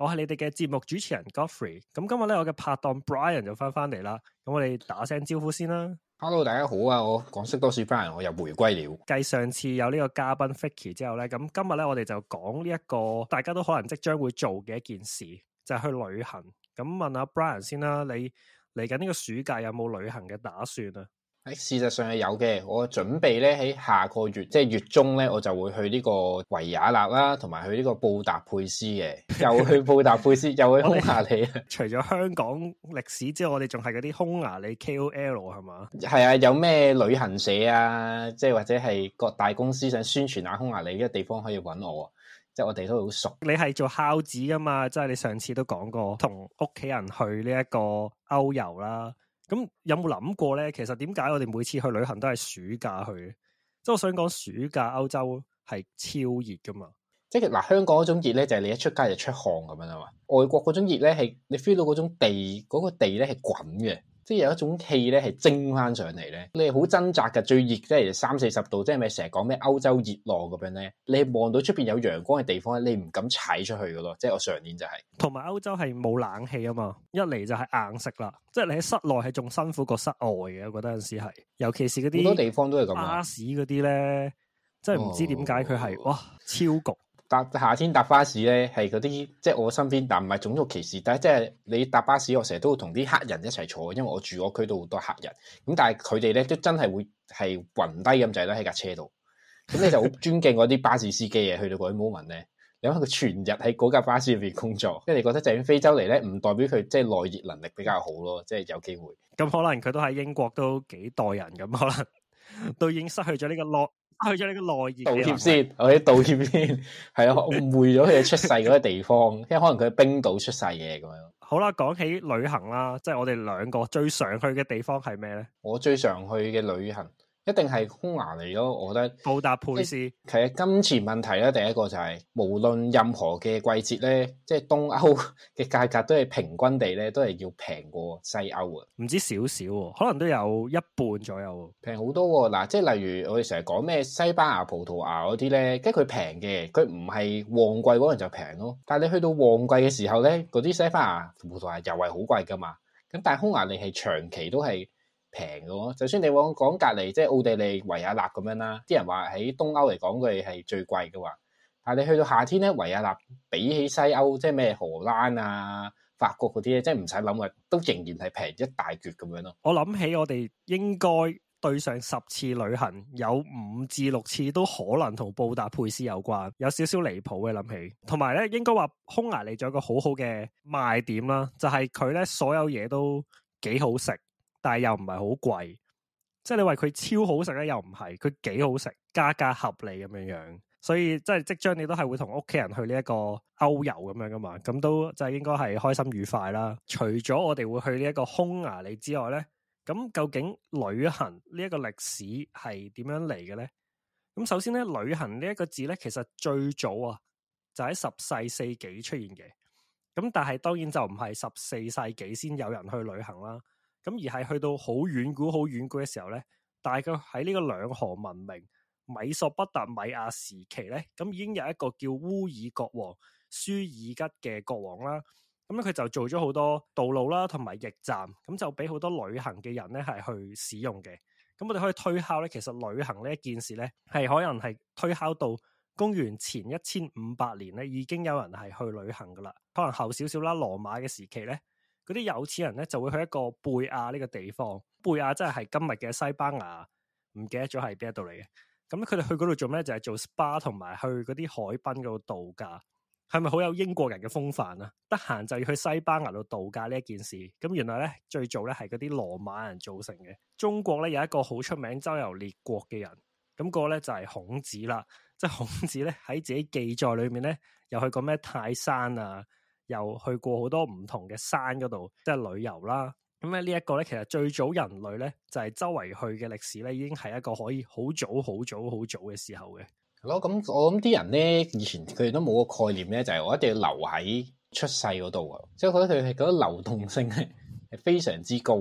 我係你哋嘅節目主持人 Godfrey，咁今日咧我嘅拍檔 Brian 就翻翻嚟啦，咁我哋打聲招呼先啦。Hello，大家好啊，我港識多史 Brian，我又回歸了。繼上次有呢個嘉賓 Fikky 之後咧，咁今日咧我哋就講呢一個大家都可能即將會做嘅一件事，就係去旅行。咁問下 Brian 先啦，你嚟緊呢個暑假有冇旅行嘅打算啊？事實上係有嘅，我準備咧喺下個月，即係月中咧，我就會去呢個維也納啦，同埋去呢個布達佩斯嘅，又去布達佩斯， 又去匈牙利們 除咗香港歷史之外，我哋仲係嗰啲匈牙利 KOL 係嘛。係啊，有咩旅行社啊，即係或者係各大公司想宣傳下匈牙利呢個地方可以揾我，即係我哋都好熟。你係做孝子噶嘛？即係你上次都講過，同屋企人去呢一個歐遊啦。咁有冇諗過咧？其實點解我哋每次去旅行都係暑假去？即係我想講暑假歐洲係超熱噶嘛？即係嗱，香港嗰種熱咧，就係、是、你一出街就出汗咁樣啦嘛。外國嗰種熱咧，係你 feel 到嗰種地嗰、嗰個地咧係滾嘅。啲係有一種氣咧，係蒸翻上嚟咧，你係好掙扎噶。最熱即係三四十度，即係咪成日講咩歐洲熱浪咁樣咧？你望到出邊有陽光嘅地方咧，你唔敢踩出去噶咯。即係我上年就係、是。同埋歐洲係冇冷氣啊嘛，一嚟就係硬食啦。即係你喺室內係仲辛苦過室外嘅。我覺得嗰陣時係，尤其是嗰啲好多地方都係咁，巴士嗰啲咧，即係唔知點解佢係哇超焗。搭夏天搭巴士咧，係嗰啲即係我身邊，但唔係種族歧視，但即係你搭巴士，我成日都會同啲黑人一齊坐，因為我住嗰區都好多黑人。咁但係佢哋咧都真係會係暈低咁滯啦，喺架車度。咁你就好尊敬嗰啲巴士司機啊，去到嗰啲 moment 咧，你諗佢全日喺嗰架巴士入邊工作，即你覺得就係非洲嚟咧，唔代表佢即係耐熱能力比較好咯，即係有機會。咁可能佢都喺英國都幾代人咁，可能都已經失去咗呢個 lock。去咗你個內頁，道歉先，我啲道歉先，係 啊，我誤會咗佢哋出世嗰個地方， 因為可能佢喺冰島出世嘅咁樣。好啦，講起旅行啦，即係我哋兩個最常去嘅地方係咩咧？我最常去嘅旅行。一定係匈牙利咯，我覺得布達佩斯。其實金錢問題咧，第一個就係、是、無論任何嘅季節咧，即係東歐嘅價格都係平均地咧，都係要平過西歐啊。唔知少少，可能都有一半左右平好多。嗱，即係例如我哋成日講咩西班牙、葡萄牙嗰啲咧，跟住佢平嘅，佢唔係旺季嗰陣就平咯。但係你去到旺季嘅時候咧，嗰啲西班牙、葡萄牙又係好貴噶嘛。咁但係匈牙利係長期都係。平嘅咯，就算你往講隔籬，即係奧地利維也納咁樣啦，啲人話喺東歐嚟講佢係最貴嘅話，但係你去到夏天咧，維也納比起西歐，即係咩荷蘭啊、法國嗰啲咧，即係唔使諗嘅，都仍然係平一大橛咁樣咯。我諗起我哋應該對上十次旅行，有五至六次都可能同布達佩斯有關，有少少離譜嘅諗起。同埋咧，應該話匈牙利仲有個好好嘅賣點啦，就係佢咧所有嘢都幾好食。但係又唔係好貴，即係你話佢超好食咧，又唔係，佢幾好食，價格合理咁樣樣，所以即係即將你都係會同屋企人去呢一個歐遊咁樣噶嘛，咁都就係應該係開心愉快啦。除咗我哋會去呢一個匈牙利之外咧，咁究竟旅行呢一個歷史係點樣嚟嘅咧？咁首先咧，旅行呢一個字咧，其實最早啊就喺十四世紀出現嘅，咁但係當然就唔係十四世紀先有人去旅行啦。咁而係去到好遠古、好遠古嘅時候咧，大概喺呢個兩河文明、米索不達米亞時期咧，咁已經有一個叫烏爾國王舒爾吉嘅國王啦。咁咧佢就做咗好多道路啦，同埋驛站，咁就俾好多旅行嘅人咧係去使用嘅。咁我哋可以推敲咧，其實旅行呢一件事咧，係可能係推敲到公元前一千五百年咧，已經有人係去旅行噶啦，可能後少少啦，羅馬嘅時期咧。嗰啲有錢人咧就會去一個貝亞呢個地方，貝亞真係係今日嘅西班牙，唔記得咗係邊一度嚟嘅。咁佢哋去嗰度做咩？就係、是、做 SPA 同埋去嗰啲海濱嗰度度假，係咪好有英國人嘅風範啊？得閒就要去西班牙度度假呢一件事，咁原來咧最早咧係嗰啲羅馬人造成嘅。中國咧有一個好出名周遊列國嘅人，咁、嗰個咧就係孔子啦。即係孔子咧喺自己記載裏面咧，又去過咩泰山啊，又去過好多唔同嘅山嗰度，即係旅遊啦。咁咧呢一個咧，其實最早人類咧就係、是、周圍去嘅歷史咧，已經係一個可以好早、好早、好早嘅時候嘅。係咯、嗯，咁我諗啲人咧，以前佢哋都冇個概念咧，就係、是、我一定要留喺出世嗰度啊。即、就、係、是、我覺得佢哋嗰啲流動性係係非常之高。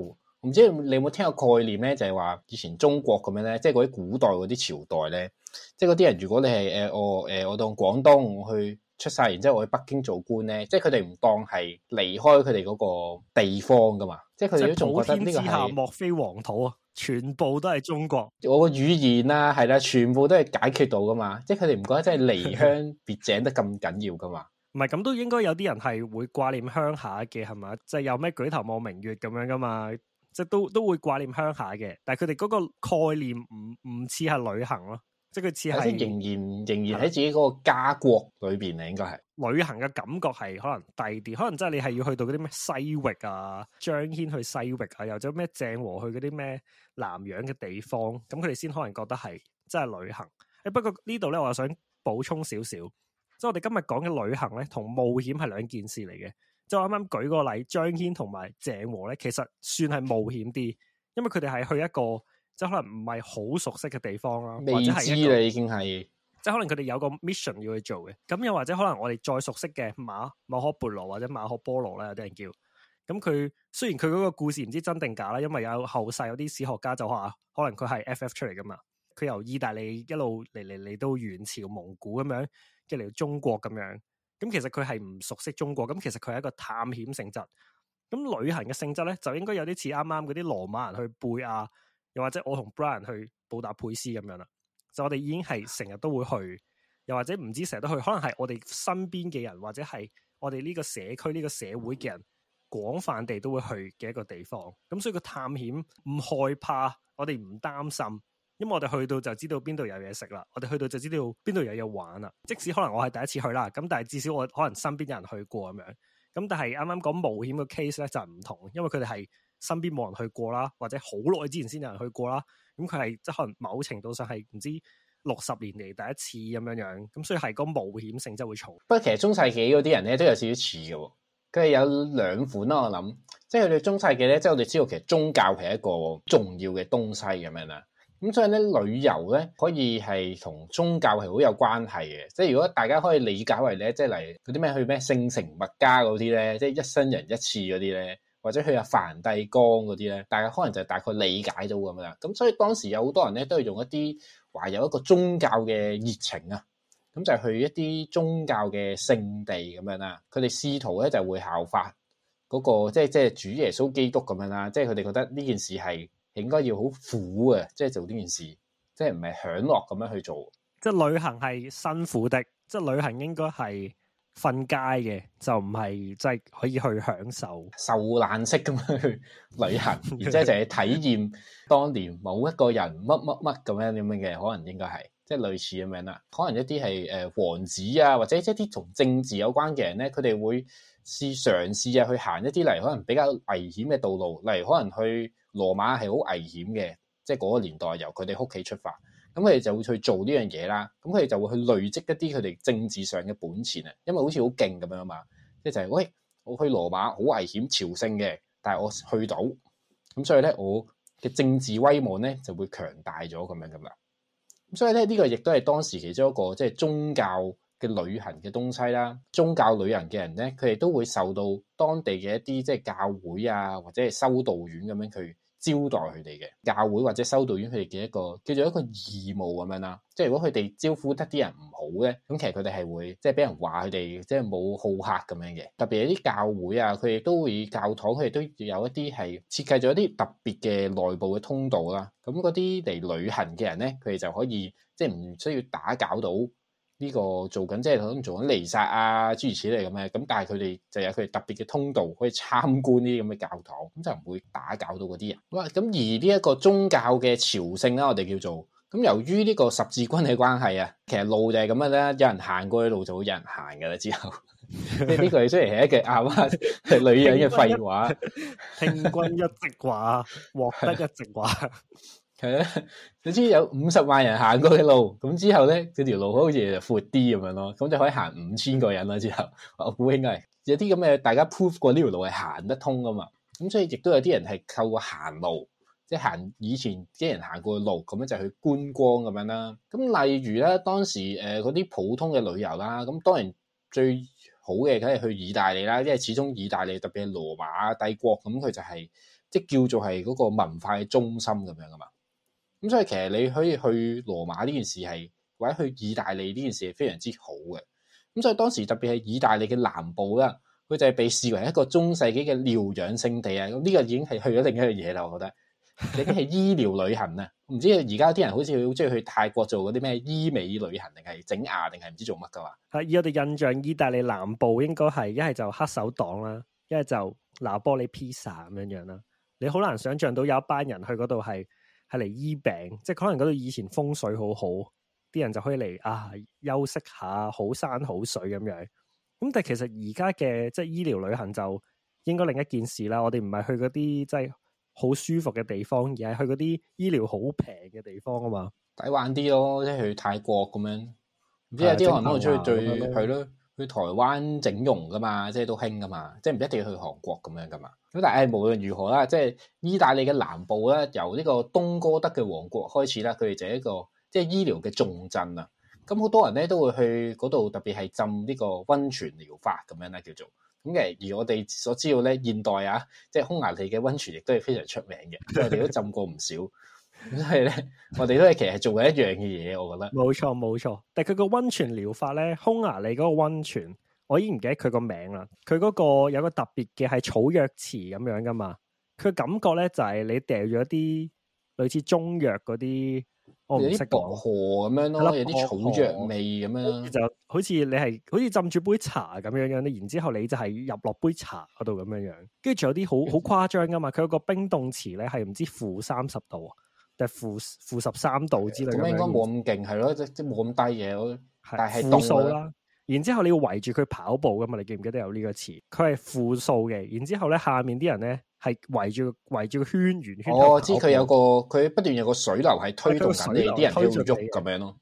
唔知你有冇聽過個概念咧？就係、是、話以前中國咁樣咧，即係嗰啲古代嗰啲朝代咧，即係嗰啲人，如果你係誒、呃、我誒、呃、我當廣東去。出晒，然之後我去北京做官咧，即係佢哋唔當係離開佢哋嗰個地方噶嘛，即係佢哋都仲覺得呢個係莫非黃土啊，全部都係中國。我個語言啦、啊，係啦，全部都係解決到噶嘛，即係佢哋唔覺得真係離鄉別井得咁緊要噶嘛。唔係咁都應該有啲人係會掛念鄉下嘅，係嘛？即係有咩舉頭望明月咁樣噶嘛，即係都都會掛念鄉下嘅。但係佢哋嗰個概念唔唔似係旅行咯。即係佢似係仍然仍然喺自己嗰個家國裏邊咧，是的應該係旅行嘅感覺係可能低啲，可能即係你係要去到嗰啲咩西域啊，張騫去西域啊，又或者咩鄭和去嗰啲咩南洋嘅地方，咁佢哋先可能覺得係即係旅行。誒，不過呢度咧，我又想補充少少，即係我哋今日講嘅旅行咧，同冒險係兩件事嚟嘅。即係我啱啱舉個例，張騫同埋鄭和咧，其實算係冒險啲，因為佢哋係去一個。即係可能唔係好熟悉嘅地方啦，未知啦已經係，即係可能佢哋有個 mission 要去做嘅。咁又或者可能我哋再熟悉嘅馬馬可孛羅或者馬可波羅咧，有啲人叫。咁佢雖然佢嗰個故事唔知真定假啦，因為有後世有啲史學家就話，可能佢係 F.F 出嚟噶嘛。佢由意大利一路嚟嚟嚟到元朝蒙古咁樣，即係嚟到中國咁樣。咁其實佢係唔熟悉中國。咁其實佢係一個探險性質。咁旅行嘅性質咧，就應該有啲似啱啱嗰啲羅馬人去背啊。又或者我同 Brian 去布達佩斯咁樣啦，就我哋已經係成日都會去，又或者唔知成日都去，可能係我哋身邊嘅人，或者係我哋呢個社區、呢個社會嘅人，廣泛地都會去嘅一個地方。咁所以個探險唔害怕，我哋唔擔心，因為我哋去到就知道邊度有嘢食啦，我哋去到就知道邊度有嘢玩啦。即使可能我係第一次去啦，咁但係至少我可能身邊有人去過咁樣，咁但係啱啱講冒險嘅 case 咧就唔同，因為佢哋係。身邊冇人去過啦，或者好耐之前先有人去過啦，咁佢係即係可能某程度上係唔知六十年嚟，第一次咁樣樣，咁、嗯、所以係個冒險性即係會重。不過其實中世紀嗰啲人咧都有少少似嘅，佢係有兩款啦。我諗，即係佢哋中世紀咧，即係我哋知道其實宗教係一個重要嘅東西咁樣啦。咁所以咧，旅遊咧可以係同宗教係好有關係嘅。即係如果大家可以理解為咧，即係嚟嗰啲咩去咩聖城麥加嗰啲咧，即係一生人一次嗰啲咧。或者去阿梵蒂岡嗰啲咧，大家可能就大概理解到咁啦。咁所以當時有好多人咧，都係用一啲話有一個宗教嘅熱情啊，咁就去一啲宗教嘅聖地咁樣啦。佢哋試圖咧就會效法嗰、那個，即係即係主耶穌基督咁樣啦。即係佢哋覺得呢件事係應該要好苦啊，即係做呢件事，即係唔係享樂咁樣去做。即係旅行係辛苦的，即係旅行應該係。瞓街嘅就唔係，即係可以去享受受難式咁樣去旅行，而且就係體驗當年某一個人乜乜乜咁樣點樣嘅，可能應該係即係類似咁樣啦。可能一啲係誒王子啊，或者一啲同政治有關嘅人咧，佢哋會試嘗試啊去行一啲嚟可能比較危險嘅道路，例如可能去羅馬係好危險嘅，即係嗰個年代由佢哋屋企出發。咁佢哋就會去做呢樣嘢啦，咁佢哋就會去累積一啲佢哋政治上嘅本錢啊，因為好似好勁咁樣啊嘛，即係就係、是、喂，我去羅馬好危險朝聖嘅，但係我去到，咁所以咧我嘅政治威望咧就會強大咗咁樣咁啦。咁所以咧呢個亦都係當時其中一個即係、就是、宗教嘅旅行嘅東西啦。宗教旅行嘅人咧，佢哋都會受到當地嘅一啲即係教會啊或者係修道院咁樣佢。招待佢哋嘅教會或者修道院，佢哋嘅一個叫做一個義務咁樣啦。即係如果佢哋招呼得啲人唔好咧，咁其實佢哋係會即係俾人話佢哋即係冇好客咁樣嘅。特別係啲教會啊，佢哋都會教堂，佢哋都有一啲係設計咗一啲特別嘅內部嘅通道啦。咁嗰啲嚟旅行嘅人咧，佢哋就可以即係唔需要打攪到。呢個做緊，即係可能做緊彌撒啊，諸如此類咁嘅，咁但係佢哋就有佢特別嘅通道可以參觀呢啲咁嘅教堂，咁就唔會打攪到嗰啲人。咁而呢一個宗教嘅朝聖呢，我哋叫做咁，由於呢個十字軍嘅關係啊，其實路就係咁樣啦，有人行過嘅路就會有人行㗎啦。之後，呢句雖然係一句阿媽係女人嘅廢話， 聽君一席話，獲得一席話。係啦，你知 有五十萬人行過嘅路，咁之後咧，佢條路好似就闊啲咁樣咯。咁就可以行五千個人啦。之後我估應該係有啲咁嘅，大家 prove 過呢條路係行得通噶嘛。咁所以亦都有啲人係靠過行路，即係行以前啲人行過嘅路，咁樣就去觀光咁樣啦。咁例如咧，當時誒嗰啲普通嘅旅遊啦，咁當然最好嘅梗係去意大利啦，因為始終意大利特別係羅馬帝國咁，佢就係、是、即係叫做係嗰個文化嘅中心咁樣噶嘛。咁所以其實你可以去羅馬呢件事係或者去意大利呢件事係非常之好嘅。咁所以當時特別係意大利嘅南部啦，佢就係被視為一個中世紀嘅療養勝地啊。咁、這、呢個已經係去咗另一樣嘢啦，我覺得。已經係醫療旅行啊？唔 知而家啲人好似好中意去泰國做嗰啲咩醫美旅行，定係整牙，定係唔知做乜噶嘛？啊，以我哋印象，意大利南部應該係一係就黑手黨啦，一係就拿波里披薩咁樣樣啦。你好難想象到有一班人去嗰度係。係嚟醫病，即可能嗰度以前風水好好，啲人就可以嚟啊休息下，好山好水咁樣。咁但其實而家嘅即係醫療旅行就應該另一件事啦。我哋唔係去嗰啲即係好舒服嘅地方，而係去嗰啲醫療好平嘅地方啊嘛，抵玩啲咯，即係去泰國咁樣。唔知有啲人可能出去最係、啊、咯。去台灣整容噶嘛，即係都興噶嘛，即係唔一定要去韓國咁樣噶嘛。咁但係無論如何啦，即係意大利嘅南部咧，由呢個東哥德嘅王國開始啦，佢哋就係一個即係醫療嘅重鎮啊。咁好多人咧都會去嗰度，特別係浸呢個溫泉療法咁樣咧叫做。咁其而我哋所知道咧，現代啊，即係匈牙利嘅溫泉亦都係非常出名嘅，我哋都浸過唔少。 所以咧，我哋都係其實做緊一樣嘅嘢，我覺得冇錯冇錯。但係佢個溫泉療法咧，匈牙利嗰個溫泉，我已經唔記得佢個名啦。佢嗰個有個特別嘅係草藥池咁樣噶嘛。佢感覺咧就係、是、你掉咗啲類似中藥嗰啲，有啲薄荷咁樣咯、哦，有啲草藥味咁樣，就好似你係好似浸住杯茶咁樣樣。然之後你就係入落杯茶嗰度咁樣樣，跟住仲有啲好好誇張噶嘛。佢有個冰凍池咧，係唔知負三十度啊。就負負十三度之類咁樣，應該冇咁勁係咯，即即冇咁低嘢。我的但係負數啦。然之後你要圍住佢跑步噶嘛？你記唔記得有呢個詞？佢係負數嘅。然之後咧，下面啲人咧係圍住圍住個圈圓圈，圈。我、哦、知佢有個佢不斷有個水流係推動你啲人推住你咁樣咯。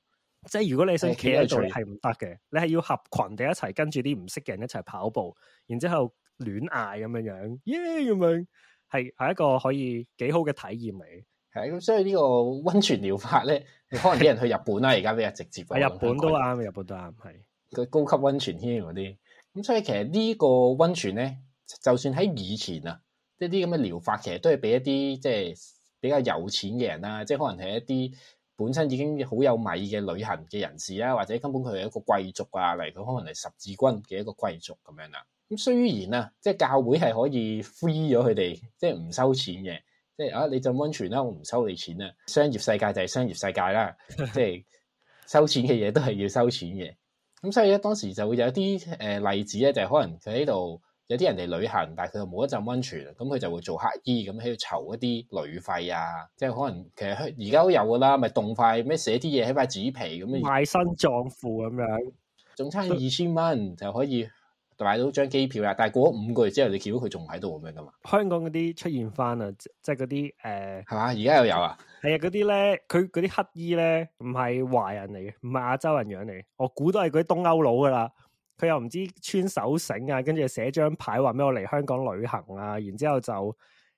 即係如果你想企喺度係唔得嘅，你係要合群哋一齊跟住啲唔識嘅人一齊跑步，然之後亂嗌咁樣樣，耶、yeah，咁樣係係一個可以幾好嘅體驗嚟。咁，所以呢個溫泉療法咧，可能啲人去日本啦。而家比較直接日，日本都啱，日本都啱。係佢高級溫泉添嗰啲。咁所以其實呢個溫泉咧，就算喺以前啊，即啲咁嘅療法，其實都係俾一啲即係比較有錢嘅人啦，即係可能係一啲本身已經好有米嘅旅行嘅人士啊，或者根本佢係一個貴族啊，例如佢可能係十字軍嘅一個貴族咁樣啦。咁雖然啊，即係教會係可以 free 咗佢哋， 即係唔收錢嘅。即係啊，你浸溫泉啦，我唔收你錢啊！商業世界就係商業世界啦， 即係收錢嘅嘢都係要收錢嘅。咁所以咧，當時就會有啲誒例子咧，就係、是、可能佢喺度有啲人嚟旅行，但佢又冇得浸溫泉，咁佢就會做乞衣咁喺度籌一啲旅費啊。即係可能其實而家都有噶啦，咪、就是、動塊咩寫啲嘢喺塊紙皮咁樣賣身葬父咁樣，仲差二千蚊就可以。買到張機票啦，但係過咗五個月之後，你見到佢仲喺度咁樣噶嘛？香港嗰啲出現翻啊，即係嗰啲誒，係、呃、嘛？而家又有啊？係啊，嗰啲咧，佢嗰啲乞兒咧，唔係華人嚟嘅，唔係亞洲人樣嚟，我估都係嗰啲東歐佬噶啦。佢又唔知穿手繩啊，跟住寫張牌話畀我嚟香港旅行啊，然之後就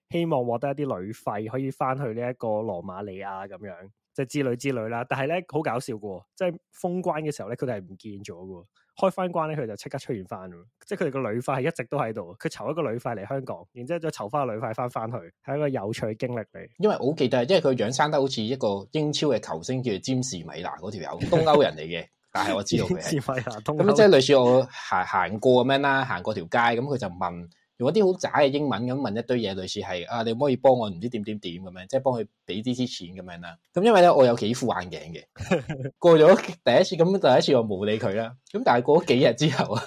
希望獲得一啲旅費可以翻去呢一個羅馬尼亞咁樣，即係之類之類啦。但係咧好搞笑噶，即係封關嘅時候咧，佢哋係唔見咗噶。開翻關咧，佢就即刻出現翻，即係佢哋個旅費係一直都喺度，佢籌一個旅費嚟香港，然之後再籌翻個旅費翻翻去，係一個有趣嘅經歷嚟。因為我好記得，因為佢樣生得好似一個英超嘅球星，叫詹士米拿嗰條友，東歐人嚟嘅， 但係我知道佢係。詹士米拿東。咁即係類似我行行過咁樣啦，行過條街，咁佢就問。用一啲好渣嘅英文咁問一堆嘢，類似係啊，你可唔可以幫我唔知點點點咁樣，即係幫佢俾啲啲錢咁樣啦。咁因為咧，我有幾副眼鏡嘅，過咗第一次咁，第一次我冇理佢啦。咁但係過咗幾日之後啊，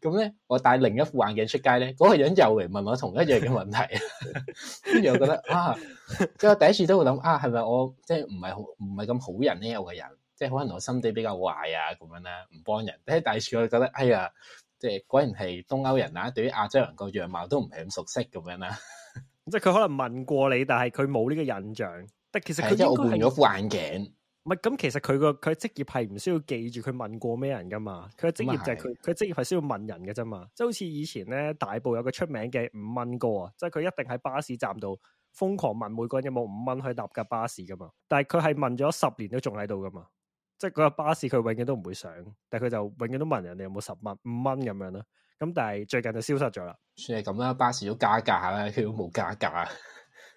咁咧我帶另一副眼鏡出街咧，嗰個人又嚟問我同一樣嘅問題，跟住我覺得啊，即係我第一次都會諗啊，係咪我即係唔係好唔係咁好人呢？有個人即係可能我心地比較壞啊咁樣啦，唔幫人。但係第二次我就覺得哎呀～即係果然係東歐人啊，對於亞洲人個樣貌都唔係咁熟悉咁樣啦、啊。 即係佢可能問過你，但係佢冇呢個印象。但其實佢應該係換咗副眼鏡。唔係咁，其實佢個佢職業係唔需要記住佢問過咩人噶嘛。佢嘅職業就係佢佢職業係需要問人嘅啫嘛。即係好似以前咧，大埔有個出名嘅五蚊哥啊，即係佢一定喺巴士站度瘋狂問每個人有冇五蚊去搭架巴士噶嘛。但係佢係問咗十年都仲喺度噶嘛。即係嗰個巴士，佢永遠都唔會上，但係佢就永遠都問人哋有冇十蚊、五蚊咁樣啦。咁但係最近就消失咗啦。算係咁啦，巴士都加價啦，佢都冇加價。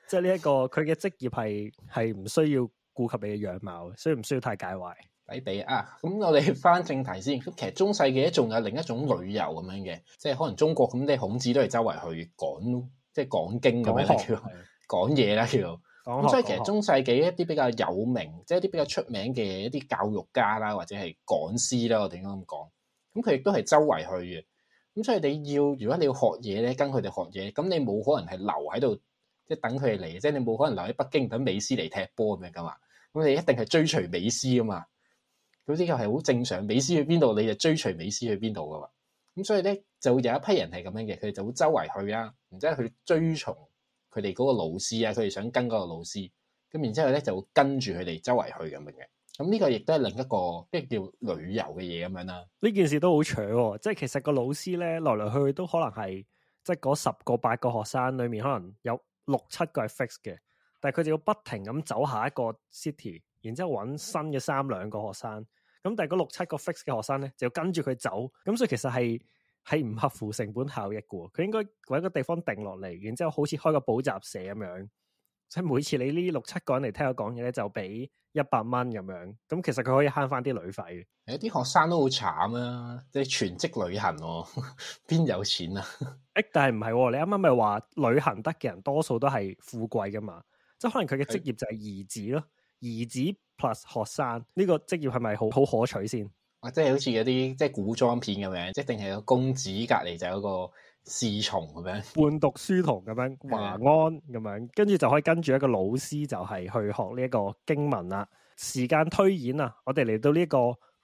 即係呢一個，佢嘅職業係係唔需要顧及你嘅樣貌，所以唔需要太介懷。抵地啊！咁我哋翻正題先。咁其實中世紀仲有另一種旅遊咁樣嘅，即係可能中國咁啲孔子都係周圍去講，即係講經咁樣嘅，講嘢啦叫做。的咁所以其實中世紀一啲比較有名，即係一啲比較出名嘅一啲教育家啦，或者係講師啦，我點解咁講？咁佢亦都係周圍去嘅。咁所以你要如果你要學嘢咧，跟佢哋學嘢，咁你冇可能係留喺度，即係等佢哋嚟，即係你冇可能留喺北京等美斯嚟踢波咁樣噶嘛。咁你一定係追隨美斯噶嘛。咁呢個係好正常，美斯去邊度你就追隨美斯去邊度噶嘛。咁所以咧就有一批人係咁樣嘅，佢哋就會周圍去啊，然之後去追從。佢哋嗰個老師啊，佢哋想跟嗰個老師，咁然之後咧就會跟住佢哋周圍去咁樣嘅。咁呢個亦都係另一個，即係叫旅遊嘅嘢咁樣啦。呢件事都好扯喎，即係其實個老師咧來來去去都可能係，即係嗰十個八個學生裏面可能有六七個係 fix 嘅，但係佢就要不停咁走下一個 city，然之後揾新嘅三兩個學生。咁但係嗰六七個 fix 嘅學生咧就要跟住佢走，咁所以其實係，係唔合乎成本效益嘅，佢應該搵個地方定落嚟，然之後好似開個補習社咁樣，即係每次你呢六七個人嚟聽我講嘢咧，就俾一百蚊咁樣，咁其實佢可以慳翻啲旅費。有啲學生都好慘啊，即係全職旅行啊，邊有錢啊？誒，但係唔係，你啱啱咪話旅行得嘅人多數都係富貴噶嘛？即係可能佢嘅職業就係兒子咯，兒是子 plus 學生呢個職業係咪好好可取先？啊，即係好似嗰啲即係古裝片咁樣，即定係個公子隔籬就有一個侍從咁樣，伴讀書童咁樣，華安咁樣，跟住的就可以跟住一個老師，就係去學呢一個經文啦。時間推演啊，我哋嚟到呢一個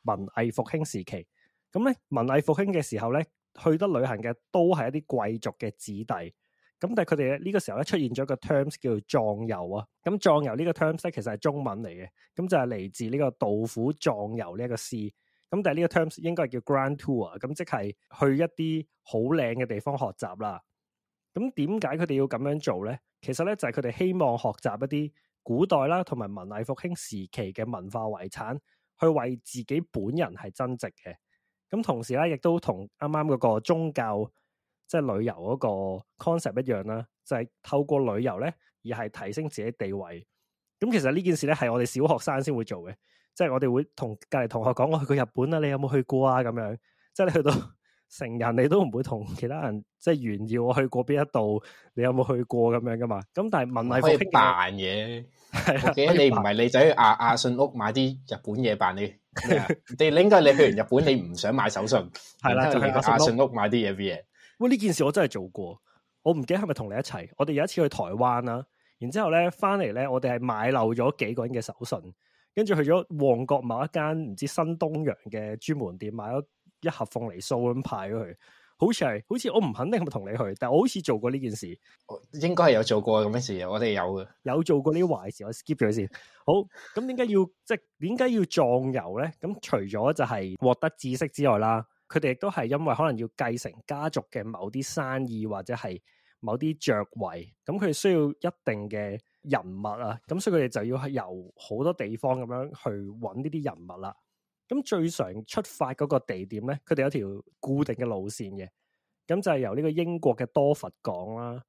文藝復興時期，咁咧文藝復興嘅時候咧，去得旅行嘅都係一啲貴族嘅子弟，咁但係佢哋呢、這個時候咧出現咗一個 terms 叫做壯遊啊，咁壯遊呢個 terms 其實係中文嚟嘅，咁就係嚟自呢個杜甫壯遊呢一個詩。咁但係呢個 terms 應該係叫 Grand Tour，咁即係去一啲好靚嘅地方學習啦。咁點解佢哋要咁樣做咧？其實咧就係佢哋希望學習一啲古代啦，同埋文藝復興時期嘅文化遺產，去為自己本人係增值嘅。咁同時咧，亦都同啱啱嗰個宗教即係、就是、旅遊嗰個 concept 一樣啦，就係、是、透過旅遊咧而係提升自己地位。咁其實呢件事咧係我哋小學生先會做嘅。即係我哋會同隔籬同學講，我去過日本啊，你有冇去過啊？咁樣，即係你去到成人，你都唔會同其他人即係炫耀我去過邊一度，你有冇去過咁樣噶嘛？咁但係問題可以扮嘢，係你唔係你就去阿阿信屋買啲日本嘢扮你。 你應該你去完日本，你唔想買手信，係啦，就係阿信屋買啲嘢俾嘢。喂，呢件事我真係做過，我唔記得係咪同你一齊？我哋有一次去台灣啦，然之後咧翻嚟咧，我哋係買漏咗幾個人嘅手信。跟住去咗旺角某一間唔知新東陽嘅專門店，買咗一盒鳳梨酥咁派咗佢。好似係，好似我唔肯定係咪同你去，但係我好似做過呢件事。應該係有做過咁嘅事，我哋有嘅。有做過呢啲壞事，我 skip 咗佢先。好，咁點解要即係點解要壯遊咧？咁除咗就係獲得知識之外啦，佢哋亦都係因為可能要繼承家族嘅某啲生意或者係某啲爵位，咁佢需要一定嘅。人物啊，咁所以佢哋就要由好多地方咁樣去揾呢啲人物啦。咁最常出發嗰個地點咧，佢哋有條固定嘅路線嘅，咁就係由呢個英國嘅多佛港啦，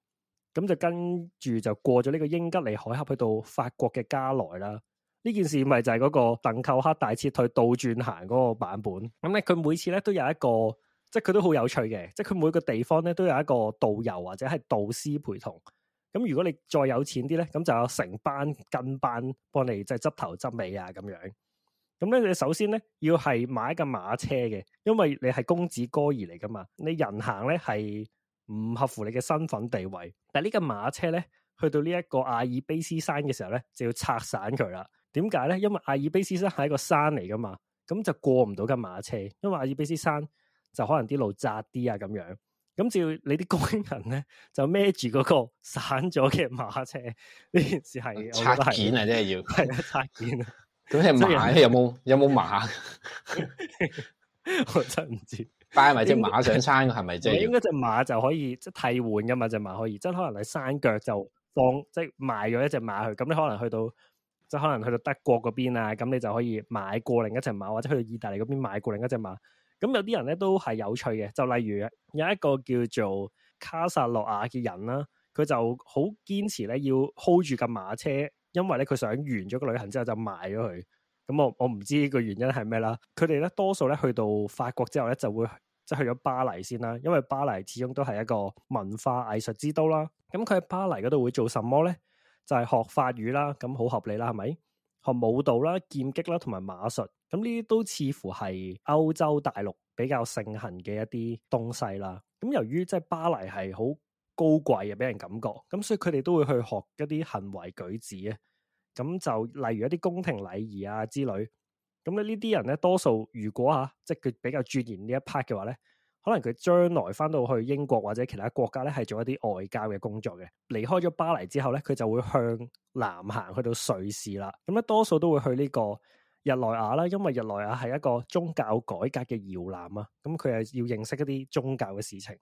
咁就跟住就過咗呢個英吉利海峽去到法國嘅加萊啦。呢件事咪就係嗰個鄧寇克大撤退倒轉行嗰個版本。咁咧，佢每次咧都有一個，即係佢都好有趣嘅，即係佢每個地方咧都有一個導遊或者係導師陪同。咁如果你再有錢啲咧，咁就有成班跟班幫你即係執頭執尾啊咁樣。咁咧你首先咧要係買一架馬車嘅，因為你係公子哥兒嚟噶嘛。你人行咧係唔合乎你嘅身份地位。但係呢架馬車咧，去到呢一個阿爾卑斯山嘅時候咧，就要拆散佢啦。點解咧？因為阿爾卑斯山係一個山嚟噶嘛，咁就過唔到架馬車，因為阿爾卑斯山就可能啲路窄啲啊咁樣。咁照你啲工人咧就孭住嗰個散咗嘅馬車。呢件事係拆件啊，真係要係啊拆件啊！咁隻馬有冇，有冇馬？我真唔知帶埋隻馬上山嘅係咪啫？應該隻馬就可以即係替換噶嘛。隻馬可以即係可能你山腳就放即係賣咗一隻馬去，咁你可能去到即係可能去到德國嗰邊啊，咁你就可以買過另一隻馬，或者去到意大利嗰邊買過另一隻馬。咁有啲人咧都係有趣嘅，就例如有一個叫做卡薩諾亞嘅人啦，佢就好堅持咧要 hold 住架馬車，因為咧佢想完咗個旅行之後就賣咗佢。咁我我唔知呢個原因係咩啦。佢哋咧多數咧去到法國之後咧就會即係去咗巴黎先啦，因為巴黎始終都係一個文化藝術之都啦。咁佢喺巴黎嗰度會做什麼咧？就係學法語啦，咁好合理啦，係咪？學舞蹈啦、劍擊啦同埋馬術。咁呢啲都似乎係歐洲大陸比較盛行嘅一啲東西啦。咁由於即係巴黎係好高貴嘅，俾人感覺，咁所以佢哋都會去學一啲行為舉止啊。咁就例如一啲宮廷禮儀啊之類。咁咧呢啲人咧多數如果嚇即係佢比較鑽研呢一 part 嘅話咧，可能佢將來翻到去英國或者其他國家咧，係做一啲外交嘅工作嘅。離開咗巴黎之後咧，佢就會向南行去到瑞士啦。咁咧多數都會去呢、呢個。日內亞啦，因為日內亞係一個宗教改革嘅搖籃啊，咁佢係要認識一啲宗教嘅事情，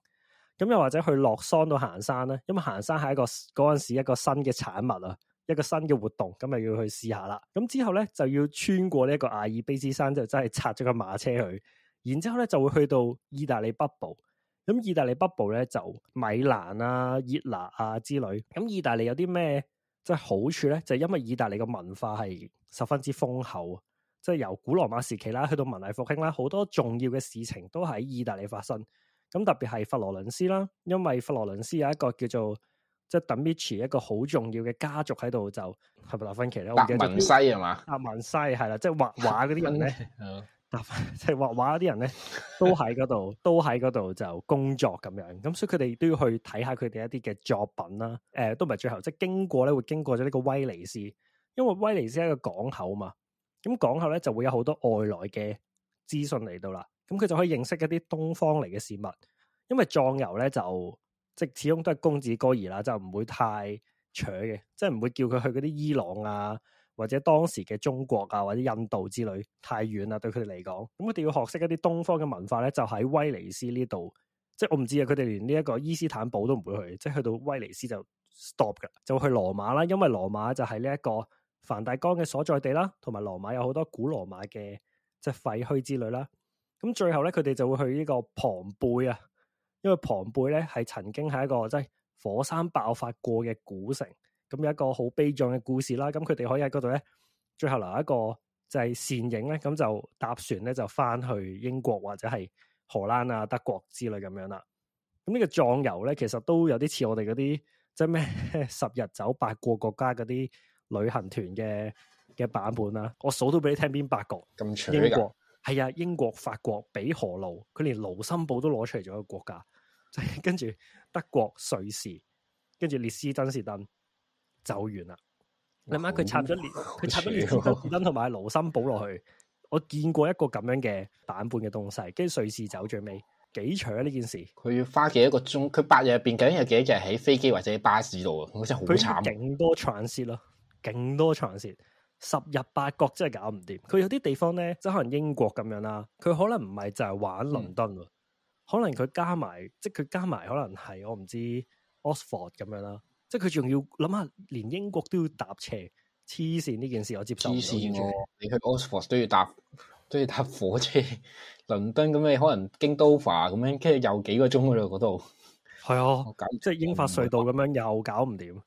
咁又或者去洛桑度行山啦。因為行山係一個嗰陣時一個新嘅產物啊，一個新嘅活動，咁咪要去試下啦。咁之後咧就要穿過呢一個阿爾卑斯山，就真係拆咗個馬車去，然之後咧就會去到意大利北部。咁意大利北部咧就米蘭啊、熱拿啊之類。咁意大利有啲咩即係好處咧？就係因為意大利嘅文化係十分之豐厚。即係由古羅馬時期啦，去到文藝復興啦，好多重要嘅事情都喺意大利發生。咁特別係佛羅倫斯啦，因為佛羅倫斯有一個叫做即係達·米、就、奇、是、一個好重要嘅家族喺度，就係咪達芬奇咧？達文西係嘛？達文西係啦，即係畫畫嗰啲人咧，達即係畫畫嗰啲人咧，都喺嗰度， 都喺嗰度就工作咁樣。咁所以佢哋都要去睇下佢哋一啲嘅作品啦。誒、呃，都唔係最後，即係經過咧，會經過咗呢個威尼斯，因為威尼斯係一個港口嘛。咁港后咧就會有好多外來嘅資訊嚟到啦，咁佢就可以認識一啲東方嚟嘅事物。因為壯遊咧就即係始終都係公子哥兒啦，就唔會太扯嘅，即係唔會叫佢去嗰啲伊朗啊，或者當時嘅中國啊，或者印度之類太遠啦，對佢哋嚟講。咁佢哋要學識一啲東方嘅文化咧，就喺威尼斯呢度。即係我唔知啊，佢哋連呢一個伊斯坦堡都唔會去，即係去到威尼斯就 stop 噶，就去羅馬啦，因為羅馬就係呢一個。梵蒂岡嘅所在地啦，同埋羅馬有好多古羅馬嘅即係廢墟之類啦。咁最後咧，佢哋就會去呢個龐貝啊，因為龐貝咧係曾經係一個即係、就是、火山爆發過嘅古城。咁有一個好悲壯嘅故事啦。咁佢哋可以喺嗰度咧，最後留一個就係、是、倩影咧。咁就搭船咧就翻去英國或者係荷蘭啊、德國之類咁樣啦。咁呢個壯遊咧，其實都有啲似我哋嗰啲即係咩十日走八個國家嗰啲。旅行團嘅嘅版本啦、啊，我數到俾你聽邊八麼、啊、國，英國係啊，英國、法國、比荷盧，佢連盧森堡都攞出嚟做一個國家。跟住德國、瑞士，跟住列支，支敦士登走完啦。很你唔啱佢插咗列佢插咗列支，敦士，敦士登同埋盧森堡落去。我見過一個咁樣嘅版本嘅東西，跟住瑞士走最尾幾長呢件事？佢要花幾多個鐘？佢八日入邊，究竟有幾日喺飛機或者喺巴士度啊？我真係好慘，勁多 transit 咯～勁多長線，十日八國真係搞唔掂。佢有啲地方咧、嗯，即係可能英國咁樣啦，佢可能唔係就係玩倫敦，可能佢加埋，即係佢加埋，可能係我唔知 Oxford 咁樣啦。即係佢仲要諗下，連英國都要搭斜黐線呢件事我接受唔到。黐線哦，你去 Oxford 都要搭，都要搭火車。倫敦咁你可能經多佛咁樣，跟住又幾個鐘去到嗰度。係啊，即係英法隧道咁樣又搞唔掂。嗯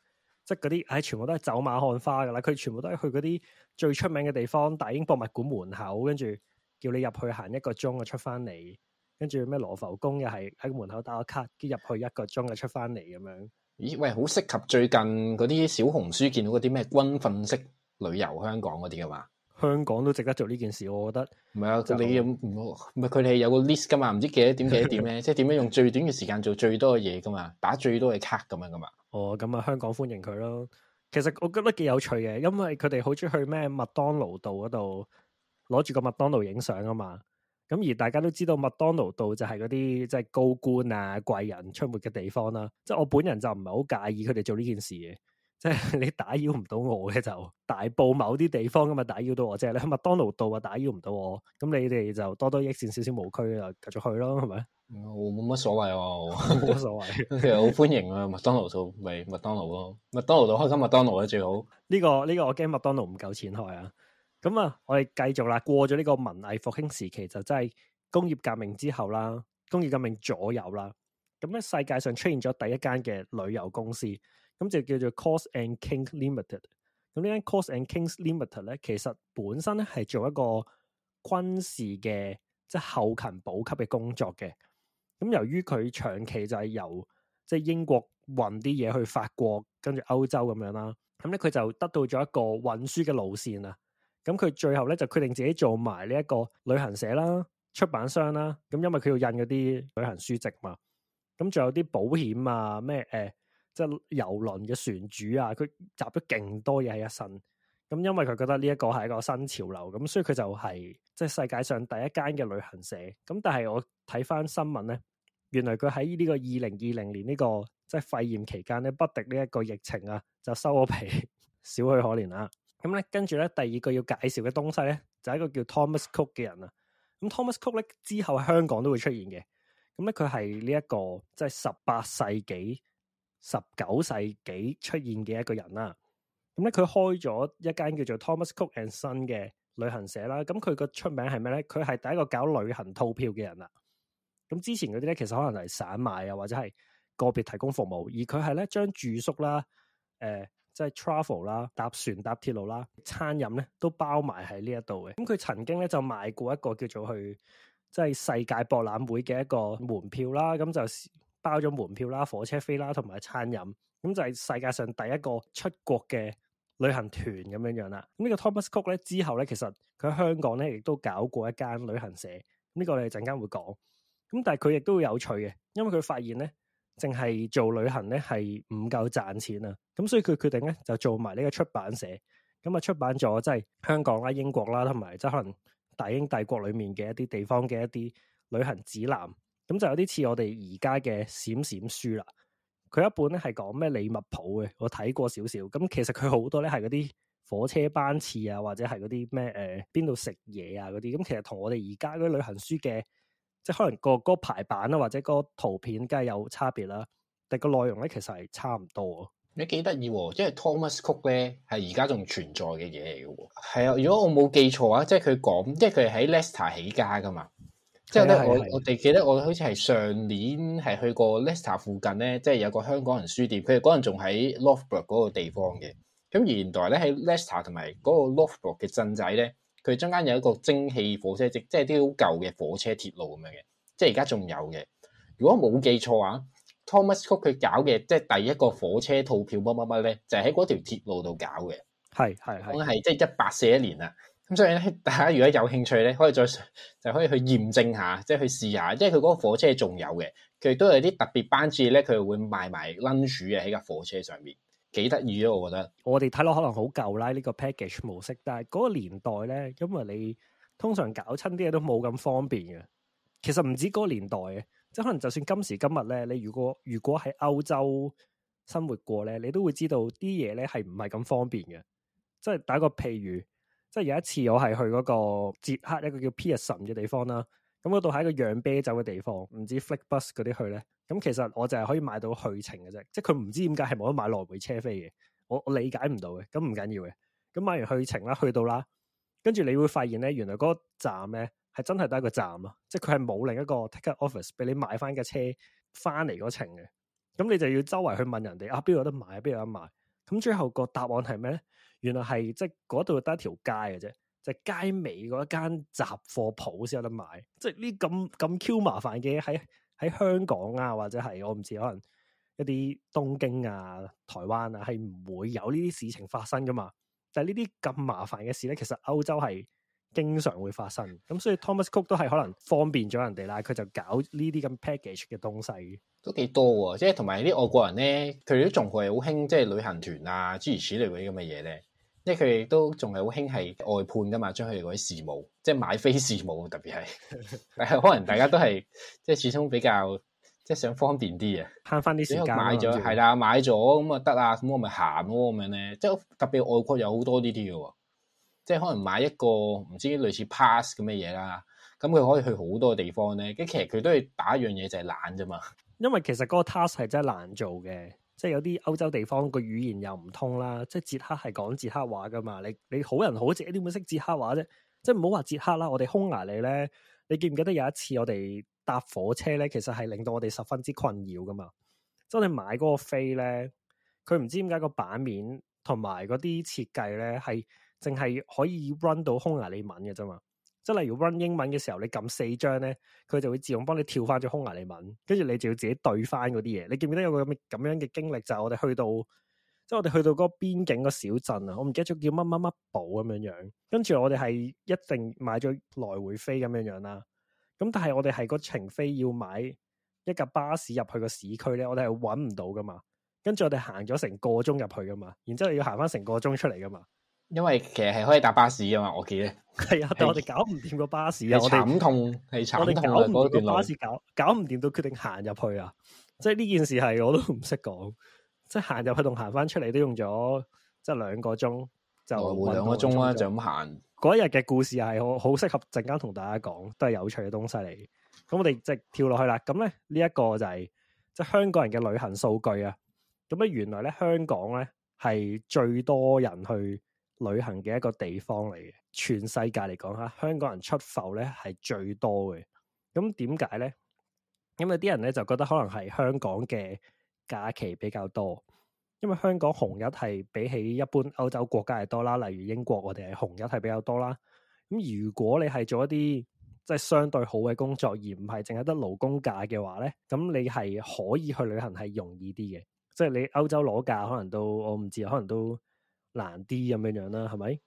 即係嗰啲，唉、哎，全部都係走馬看花噶啦。佢全部都係去嗰啲最出名嘅地方，大英博物館門口，跟住叫你入去行一個鐘啊，出翻嚟。跟住咩羅浮宮又係喺門口打個卡，跟住入去一個鐘啊，出翻嚟咁樣。咦，喂，好適合最近嗰啲小紅書見到嗰啲咩軍訓式旅遊香港嗰啲啊嘛？香港都值得做呢件事，我覺得。唔係啊，就你有唔係佢哋有個 list 噶嘛？唔知幾多點幾多點咧， 即係點樣用最短嘅時間做最多嘅嘢噶嘛？打最多嘅卡咁樣噶嘛？哦，咁啊，香港歡迎佢咯。其實我覺得幾有趣嘅，因為佢哋好中意去咩麥當勞道嗰度攞住個麥當勞影相啊嘛。咁而大家都知道麥當勞道就係嗰啲即係高官啊貴人出沒嘅地方啦。即係我本人就唔係好介意佢哋做呢件事嘅。 你打擾唔到我嘅，就大埔某啲地方咁嘛，打擾到我，即係喺麥當勞到啊打擾唔到我，咁你哋就多多益善，少少無區啊繼續去咯，係咪、啊？我冇乜 所謂，我冇乜所謂，其實好歡迎啊麥當勞到咪麥當勞咯，麥當勞到開間麥當勞嘅、啊、最好。呢、這個呢、這個我驚麥當勞唔夠錢開啊。咁啊，我哋繼續啦。過咗呢個文藝復興時期就真係工業革命之後啦，工業革命左右啦。咁咧世界上出現咗第一間嘅旅遊公司。咁就叫做 Cox and Kings Limited。咁呢間 Cox and Kings Limited 咧，其實本身咧係做一個軍事嘅，即係後勤補給嘅工作嘅。咁由於佢長期就係由即係英國運啲嘢去法國，跟住歐洲咁樣啦。咁咧佢就得到咗一個運輸嘅路線啊。咁佢最後咧就決定自己做埋呢一個旅行社啦、出版商啦。咁因為佢要印嗰啲旅行書籍嘛。咁仲有啲保險啊、咩誒。哎即係郵輪嘅船主啊，佢集咗勁多嘢喺一身。咁因為佢覺得呢一個係一個新潮流，咁所以佢就係即係世界上第一間嘅旅行社。咁但係我睇翻新聞咧，原來佢喺呢個二零二零年呢個即係肺炎期間咧，不敵呢一個疫情啊，就收咗皮，少許可憐啦。咁咧跟住咧，第二個要介紹嘅東西咧，就係一個叫 Thomas Cook 嘅人啊。咁 Thomas Cook 咧之後喺香港都會出現嘅。咁咧佢係呢一個即係十八世紀，十九世紀出現嘅一個人啦，咁咧佢開咗一間叫做 Thomas Cook and Son 嘅旅行社啦，咁佢個出名係咩咧？佢係第一個搞旅行套票嘅人啦。咁之前嗰啲咧，其實可能係散賣啊，或者係個別提供服務，而佢係咧將住宿啦，誒，即係 travel 啦，搭船搭鐵路啦，餐飲咧都包埋喺呢一度嘅。咁佢曾經咧就賣過一個叫做去即係世界博覽會嘅一個門票啦，咁就。包咗門票啦、火車飛啦、同埋餐飲，咁就係世界上第一個出國嘅旅行團咁樣樣啦。咁呢個 Thomas Cook 咧，之後咧其實佢喺香港咧，亦都搞過一間旅行社。呢個你哋陣間會講。咁但係佢亦都有趣嘅，因為佢發現咧，淨係做旅行咧係唔夠賺錢啊。咁所以佢決定咧就做埋呢個出版社。咁啊出版咗即係香港啦、英國啦，同埋即係可能大英帝國裡面嘅一啲地方嘅一啲旅行指南。咁就有啲似我哋而家嘅閃閃書啦。佢一本咧係講咩禮物譜嘅，我睇過少少。咁其實佢好多咧係嗰啲火車班次啊，或者係嗰啲咩誒邊度食嘢啊嗰啲。咁其實同我哋而家嗰啲旅行書嘅，即係可能個排版啊或者個圖片梗係有差別啦，但個內容咧其實係差唔多。你幾得意，即係 Thomas Cook 咧係而家仲存在嘅嘢嚟嘅。係啊，如果我冇記錯啊，即係佢講，即係佢喺 Leicester 起家噶嘛。即係咧，我我哋記得我好似係上年係去過 Leicester 附近咧，即係有個香港人書店。佢哋嗰陣仲喺 Loughborough 嗰個地方嘅。咁現代咧喺 Leicester 同埋嗰個 Loughborough 嘅鎮仔咧，佢中間有一個蒸汽火車，即即係啲好舊嘅火車鐵路咁樣嘅，即係而家仲有嘅。如果冇記錯啊，Thomas Cook 佢搞嘅即係第一個火車套票乜乜乜咧，就係喺嗰條鐵路度搞嘅。係係係，講係即係一八四一年啦。咁所以咧，大家如果有興趣咧，可以再就可以去驗證下，即係去試下，即係佢嗰個火車仲有嘅，佢亦都有啲特別班次咧，佢會賣埋 lunch 嘅喺架火車上面，幾得意啊。我覺得。我哋睇落可能好舊啦，呢個 package 模式，但係嗰個年代咧，因為你通常搞親啲嘢都冇咁方便嘅。其實唔止嗰個年代嘅，即係可能就算今時今日咧，你如果如果喺歐洲生活過咧，你都會知道啲嘢咧係唔係咁方便嘅。即係打個譬如。即係有一次我係去嗰個捷克一個叫 Pilsen 嘅地方啦，啊，咁嗰度係一個釀啤酒嘅地方，唔知 FlixBus 嗰啲去咧。咁其實我就係可以買到去程嘅啫，即係佢唔知點解係冇得買來回車飛嘅，我我理解唔到嘅，咁唔緊要嘅，咁買完去程啦，去到啦，跟住你會發現咧，原來嗰個站咧係真係得一個站啊，即係佢係冇另一個 ticket office 俾你買翻架車翻嚟嗰程嘅，咁你就要周圍去問人哋啊，邊度有得買，邊度有得買，咁最後個答案係咩咧？原來係即係嗰度得一條街嘅啫，就係街尾嗰一間雜貨鋪先有得買，即係呢啲咁咁 Q 麻煩嘅喺喺香港啊，或者係我唔知，可能一啲東京啊、台灣啊，係唔會有呢啲事情發生噶嘛？但係呢啲咁麻煩嘅事咧，其實歐洲係經常會發生，咁所以 Thomas Cook 都係可能方便咗人哋啦，佢就搞呢啲咁 package 嘅東西，都幾多喎，即係同埋啲外國人咧，佢哋都仲係好興，即係旅行團啊諸如此類嗰啲咁嘅嘢咧，即係佢哋都仲係好興係外判噶嘛，將佢哋嗰啲事務，即係買飛事務，特別係，係 可能大家都係即係始終比較即係想方便啲嘅，慳翻啲時間了，買咗係啦，買咗咁啊得啊，咁我咪行咯咁樣咧，即係特別外國有好多呢啲嘅喎。即係可能買一個唔知類似 pass 咁嘅嘢啦，咁佢可以去好多地方咧。其實佢都係打一樣嘢就係懶啫嘛。因為其實嗰個 task 係真係難做嘅，即係有啲歐洲地方個語言又唔通啦。即係捷克係講捷克話噶嘛，你你好人好姐，你點會識捷克話啫？即係唔好話捷克啦，我哋匈牙利咧，你記唔記得有一次我哋搭火車咧，其實係令到我哋十分之困擾噶嘛。即係你買嗰個飛咧，佢唔知點解個版面同埋嗰啲設計咧係。淨係可以 run 到匈牙利文嘅啫嘛，即係例如 run 英文嘅時候，你撳四張咧，佢就會自動幫你跳翻咗匈牙利文，跟住你就要自己對翻嗰啲嘢。你記唔記得有個咁樣嘅經歷？就係、是、我哋去到即係、就是、我哋去到嗰個邊境個小鎮啊，我唔記得咗叫乜乜乜堡咁樣樣。跟住我哋係一定買咗來回飛咁樣樣啦。咁但係我哋係個程飛要買一架巴士入去個市區咧，我哋係搵唔到噶嘛。跟住我哋行咗成個鐘入去噶嘛，然之後要行翻成個鐘出嚟噶嘛。因為其實係可以搭巴士啊嘛，我記得係啊，但我哋搞唔掂個巴士，係是們慘痛，係慘痛啊！嗰段路，巴士搞搞唔掂，都決定行入去啊！即係呢件事係我都唔識講，即係行入去同行翻出嚟都用咗即係兩個鐘，哦、就兩個鐘啦，就咁行。嗰一日嘅故事係好好適合陣間同大家講，都係有趣嘅東西嚟。咁我哋直跳落去啦。咁咧呢一個就係、是、即係香港人嘅旅行數據啊。咁咧原來咧香港咧係最多人去。旅行嘅一個地方嚟嘅，全世界嚟講吓，香港人出埠咧係最多嘅。咁點解咧？因為啲人咧就覺得可能係香港嘅假期比較多，因為香港紅日係比起一般歐洲國家係多啦。例如英國，我哋係紅日係比較多啦。咁如果你係做一啲即係相對好嘅工作，而唔係淨係得勞工假嘅話咧，咁你係可以去旅行係容易啲嘅。即係你歐洲攞假可能都，我唔知，可能都。難啲咁樣樣啦，係咪？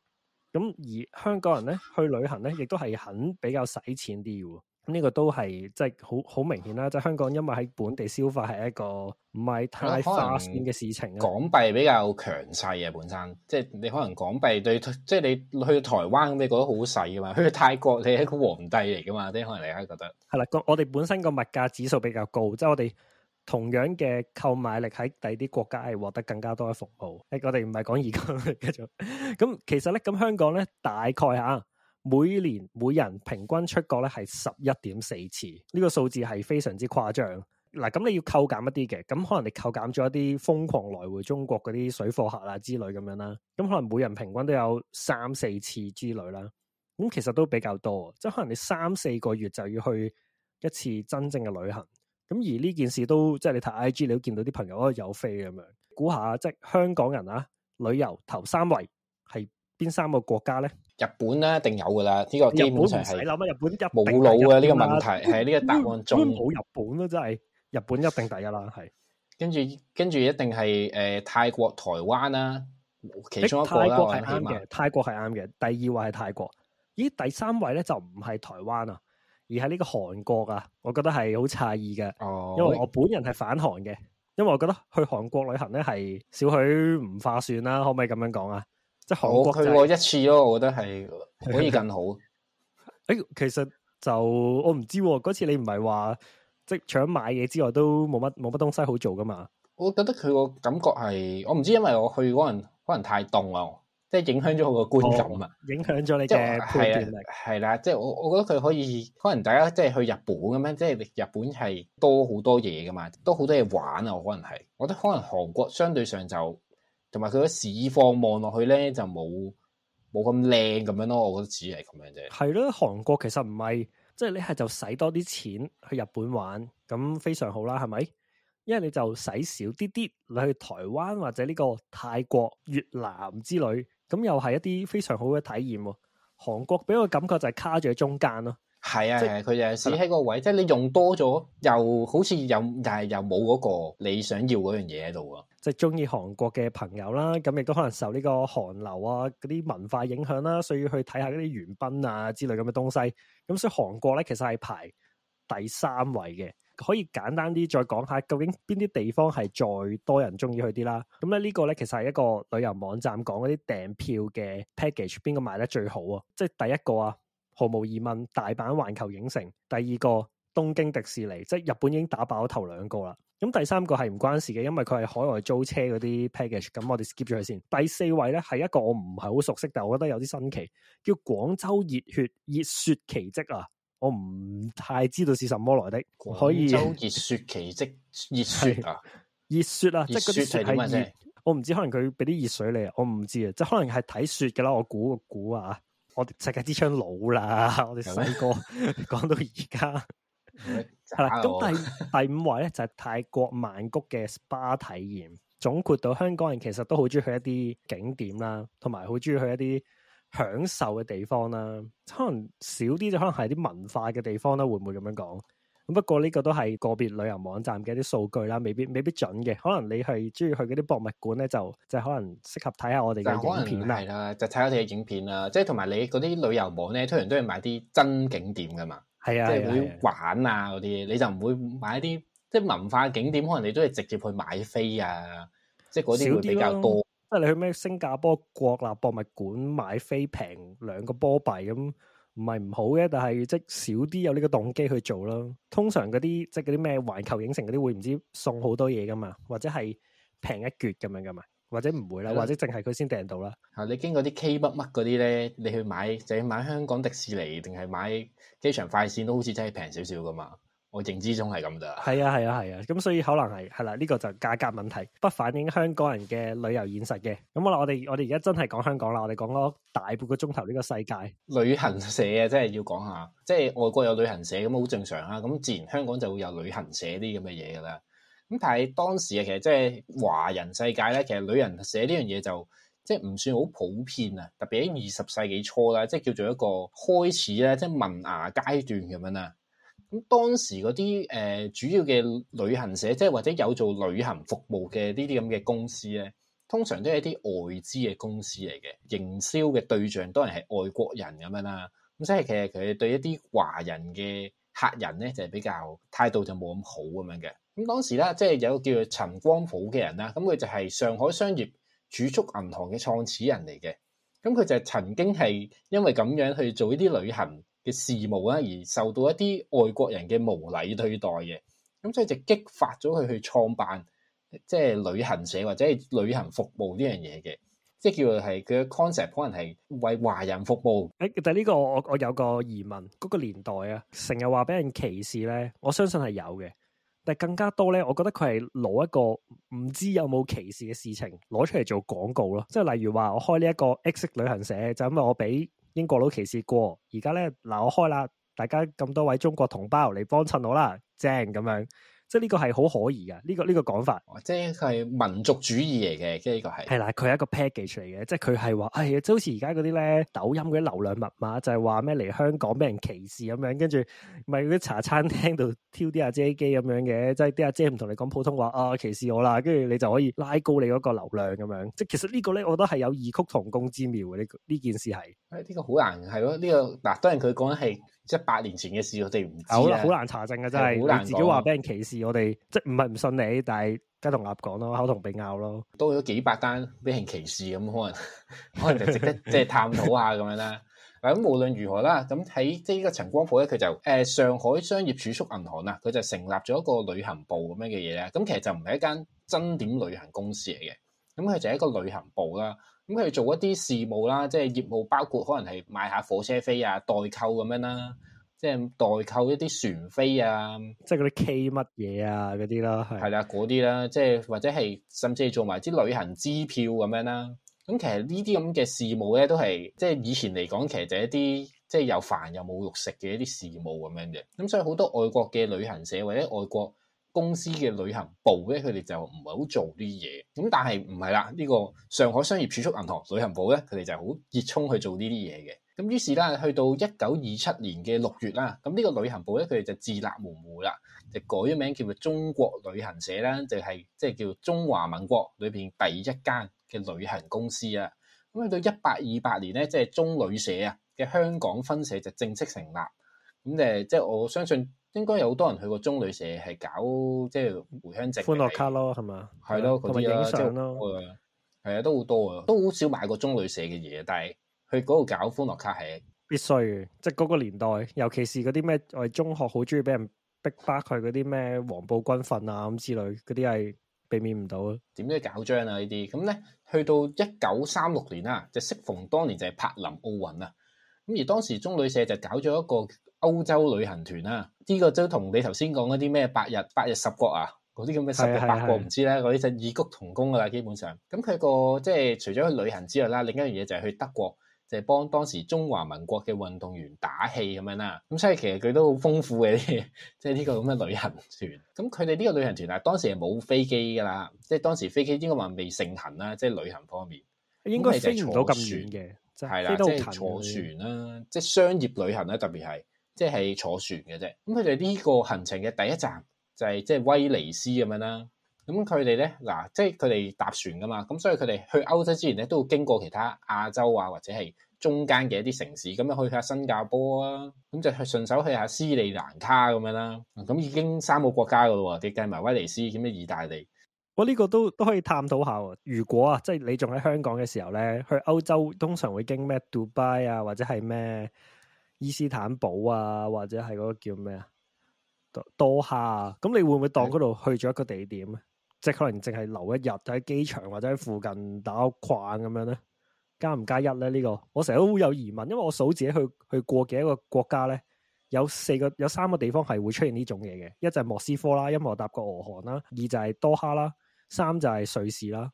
咁而香港人咧，去旅行咧，亦都係肯比較使錢啲嘅。呢個都係即係好好明顯啦。即係香港因為喺本地消費係一個唔係太發展嘅事情。港幣比較強勢啊，本身即係你可能港幣對即係你去台灣你覺得好細噶嘛？去泰國你係個皇帝嚟噶嘛？即啲可能你係覺得係啦。個我哋本身個物價指數比較高，即係我哋。同樣嘅購買力喺第二啲國家係獲得更加多嘅服務。誒，我哋唔係講而家繼續。咁其實咧，咁香港咧大概下每年每人平均出國咧係十一點四次。呢個數字係非常之誇張。嗱，咁你要扣減一啲嘅，咁可能你扣減咗一啲瘋狂來回中國嗰啲水貨客啊之類咁樣啦。咁可能每人平均都有三四次之類啦。咁其實都比較多，即係可能你三四個月就要去一次真正嘅旅行。咁而呢件事都即係你睇 IG 你都見到啲朋友都有飛咁樣，估下即係香港人啊旅遊頭三位係邊三個國家咧？日本咧、啊、一定有噶啦，呢、呢個基本上係。你諗啊，日本冇腦啊。呢個問題係呢個答案中冇日本咯，真係日本一定第一啦，係、啊。跟住跟住一定係誒、呃、泰國台灣啦、啊，其中一個泰國係啱嘅，泰國係啱嘅，第二位係泰國。咦，第三位咧就唔係台灣啊？而喺呢個韓國啊，我覺得係好詫異嘅，哦、因為我本人係反韓嘅，因為我覺得去韓國旅行咧係少許唔劃算啦，啊，可唔可以咁樣講啊？即係韓國，就是、去過一次咯，我覺得係可以更好。誒、 欸，其實就我唔知嗰、啊、次你唔係話即係除咗買嘢之外都冇乜冇乜東西好做噶嘛？我覺得佢個感覺係我唔知，因為我去嗰陣可能太凍啦。即係影響咗我個觀感啊、哦！影響咗你嘅判斷力係啦、啊啊，即係我我覺得佢可以，可能大家即係去日本咁樣，即係日本係多好多嘢噶嘛，都好多嘢玩啊！我可能係，我覺得可能韓國相對上就同埋佢個市況望落去咧，就冇冇咁靚咁樣咯。我覺得只係咁樣啫。係咯，韓國其實唔係，即係你係就使多啲錢去日本玩，咁非常好啦，係咪？因為你就使少啲啲你去台灣或者呢個泰國、越南之類。咁又係一啲非常好嘅體驗喎，韓國俾我感覺就係卡住喺中間咯。係啊，佢就係死喺個位，的即係你用多咗又好似又但係又冇嗰個你想要嗰樣嘢喺度啊。即係中意韓國嘅朋友啦，咁亦都可能受呢個韓流啊嗰啲文化影響啦，所以要去睇下嗰啲元彬啊之類咁嘅東西。咁所以韓國咧其實係排第三位嘅。可以簡單啲再講下，究竟邊啲地方係再多人中意去啲啦？咁咧呢個咧其實係一個旅遊網站講嗰啲訂票嘅 package，邊個賣得最好啊？即係第一個啊，毫無疑問大阪環球影城；第二個東京迪士尼，即係日本已經打爆咗頭兩個啦。咁第三個係唔關事嘅，因為佢係海外租車嗰啲 package，咁我哋 skip 咗佢先。第四位咧係一個我唔係好熟悉，但係我覺得有啲新奇，叫廣州熱血熱雪奇蹟啊！我唔太知道是什麼來的，可以熱雪奇蹟熱雪啊，熱雪啊，熱雪即係嗰啲雪係點啊？我唔知，可能佢俾啲熱水嚟，我唔知啊。即係可能係睇雪嘅啦，我估個估啊。我哋世界之窗老啦，我哋細個講到而家係啦。咁 第我第五位咧就係、是、泰國曼谷嘅 SPA 體驗，總括到香港人其實都好中意去一啲景點啦，同埋好中意去一啲。享受嘅地方啦，可能少啲就可能係啲文化嘅地方啦，會唔會咁樣講？咁不過呢個都係個別旅遊網站嘅一啲數據啦，未必未必準嘅。可能你係中意去嗰啲博物館咧，就就可能適合睇下我哋嘅影片啦。係啦，就睇下我哋嘅影片啦。即係同埋你嗰啲旅遊網咧，通常都係買啲真景點噶嘛。係啊，即係會玩啊嗰啲，啊啊，你就唔會買一啲即係文化景點，可能你都係直接去買飛啊，即係嗰啲會比較多。即係你去咩新加坡國立博物館買飛平兩個波幣咁，唔係唔好嘅，但係即少啲有呢個動機去做咯。通常嗰啲即係嗰啲咩環球影城嗰啲會唔知送好多嘢噶嘛，或者係平一橛咁樣噶嘛，或者唔會啦，或者淨係佢先訂到啦。吓的你經過啲 K 乜乜嗰啲咧，你去買就係買香港迪士尼定係買機場快線都好似真係平少少噶嘛。我認知中係咁咋，係啊係啊係啊，咁、啊啊、所以可能係係啦，呢、啊這個就是價格問題，不反映香港人嘅旅遊現實嘅。咁好啦，我哋我哋而家真係講香港啦，我哋講咗大半個鐘頭呢個世界。旅行社啊，真、就、係、是、要講一下，即、就、係、是、外國有旅行社咁好正常啊。咁自然香港就會有旅行社啲咁嘅嘢啦。咁但係當時啊，其實即係華人世界咧，其實旅行社呢樣嘢就即係唔算好普遍啊。特別喺二十世紀初啦，即、就、係、是、叫做一個開始咧，即、就、係、是、萌芽階段咁樣啦。咁當時嗰啲誒主要嘅旅行社，即係或者有做旅行服務嘅呢啲咁嘅公司咧，通常都係一啲外資嘅公司嚟嘅，營銷嘅對象當然係外國人咁樣啦。咁所以其實佢對一啲華人嘅客人咧，就係、是、比較態度就冇咁好咁樣嘅。咁當時咧，即係有個叫做陳光甫嘅人啦，咁佢就係上海商業儲蓄銀行嘅創始人嚟嘅。咁佢就係曾經係因為咁樣去做呢啲旅行嘅事務啦，而受到一啲外國人嘅無禮對待嘅，咁所以就激發咗佢去創辦即係旅行社或者係旅行服務呢樣嘢嘅，即係叫做係佢嘅 concept 可能係為華人服務。誒、欸，但係、這、呢個我我有個疑問，嗰、那個年代啊，成日話俾人歧視咧，我相信係有嘅，但係更加多咧，我覺得佢係攞一個唔知有冇歧視嘅事情攞出嚟做廣告咯，即係例如話我開呢一個 X, X 旅行社，就是、因為我俾。英國佬歧視過，而家咧，嗱，我開啦，大家咁多位中國同胞嚟幫襯我啦，正咁樣。即係呢個係好可疑㗎，呢、這個呢、這個講法，哦、即係民族主義嚟嘅、這個。即係、哎、呢個係係啦，佢係一個 package 嚟嘅，即係佢係話，係即係好似而家嗰啲咧抖音嗰啲流量密碼，就係話咩嚟香港俾人歧視咁樣，跟住咪嗰啲茶餐廳度挑啲阿姐機咁樣嘅，即係啲阿姐唔同你講普通話啊歧視我啦，跟住你就可以拉高你嗰個流量咁樣。即係其實個呢個咧，我都係有異曲同工之妙嘅呢呢件事係。係呢、哎這個好難，係咯？呢、這個嗱、啊，當然佢講係。即係八年前嘅事，我們不、啊，我哋唔知，難，好難查證嘅。真係，難說你自己話俾人歧視我哋，即係唔係唔信你，但係雞同鴨講咯，口同鼻拗咯，多咗幾百單俾人歧視咁可能，可能就值得即係探討下咁 樣啦。嗱咁無論如何啦，咁喺即係呢個陳光甫咧，佢就誒、呃、上海商業儲蓄銀行啦，佢就成立咗一個旅行部咁樣嘅嘢咧。咁其實就唔係一間真點旅行公司嚟嘅，咁佢就係一個旅行部啦。咁佢做一啲事務啦，即係業務，包括可能係買下火車飛啊、代購咁樣啦，即係代購一啲船飛啊，即係嗰啲 K 乜嘢啊嗰啲啦，係啦嗰啲啦，即係或者係甚至係做埋啲旅行支票咁樣啦。咁其實呢啲咁嘅事務咧，都係即係以前嚟講，其實就係一啲即係又煩又冇肉食嘅一啲事務咁樣嘅。咁所以好多外國嘅旅行社或者外國公司嘅旅行部咧，佢哋就唔係好做啲嘢，咁但係唔係啦。呢個上海商業儲蓄銀行旅行部咧，佢哋就好熱衷去做呢啲嘢嘅。咁於是咧，去到一九二七年嘅六月啦，咁呢個旅行部咧，佢哋就自立門戶啦，就改咗名叫做中國旅行社啦，就係即係叫中華民國裏邊第一間嘅旅行公司啊。咁去到一八二八年咧，即係中旅社啊嘅香港分社就正式成立。咁誒，即係我相信。應該有好多人去過中旅社是搞，係搞即係回鄉證歡樂卡咯，係嘛？係咯對，嗰啲啦，即係咯，係啊、就是，都好多啊，都好少買過中旅社嘅嘢，但係去嗰度搞歡樂卡係必須嘅，即係嗰個年代，尤其是嗰啲咩我哋中學好中意俾人逼花，佢嗰啲咩黃埔軍訓啊咁之類，嗰啲係避免唔到，啊，點都要搞張啊呢啲。咁咧，去到一九三六年啊，就是、適逢當年就係柏林奧運啊，咁而當時中旅社就搞咗一個。歐洲旅行團啦、啊，呢、這個都同你頭先講嗰啲咩八日、八日十國啊，嗰啲叫咩十日是八國唔知咧，嗰啲就異曲同工噶啦，基本上。咁佢個即係除咗去旅行之外啦，另一樣嘢就係去德國，就係、是、幫當時中華民國嘅運動員打氣咁樣啦。咁所以其實佢都好豐富嘅，即係呢個咁嘅旅行團。咁佢哋呢個旅行團啊，當時係冇飛機噶啦，即係當時飛機應該話未盛行啦，即係旅行方面應該飛唔到咁遠嘅，係啦的，即係坐船啦、啊，即係商業旅行咧、啊，特別係。即係坐船嘅啫，咁佢哋呢個行程嘅第一站就係即係威尼斯咁樣啦。咁佢哋咧，嗱，即係佢哋搭船噶嘛，咁所以佢哋去歐洲之前咧，都要經過其他亞洲啊，或者係中間嘅一啲城市，咁樣去下新加坡啊，咁就去順手去下斯里蘭卡咁樣啦。咁已經三個國家噶啦，你計埋威尼斯咁樣意大利？我呢個都都可以探討下喎。如果啊，即係你仲喺香港嘅時候咧，去歐洲通常會經咩 Dubai 啊，或者係咩？伊斯坦堡啊，或者係嗰個叫咩啊？多哈啊，咁你會唔會當嗰度去咗一個地點咧？的即係可能淨係留一日就喺機場或者喺附近打逛咁樣咧？加唔加一咧？呢個我成日都會有疑問，因為我數自己去去過幾多個國家咧，有四個，有三個地方係會出現呢種嘢嘅，一就係莫斯科啦，因為我搭過俄航啦，二就係多哈啦，三就係瑞士啦。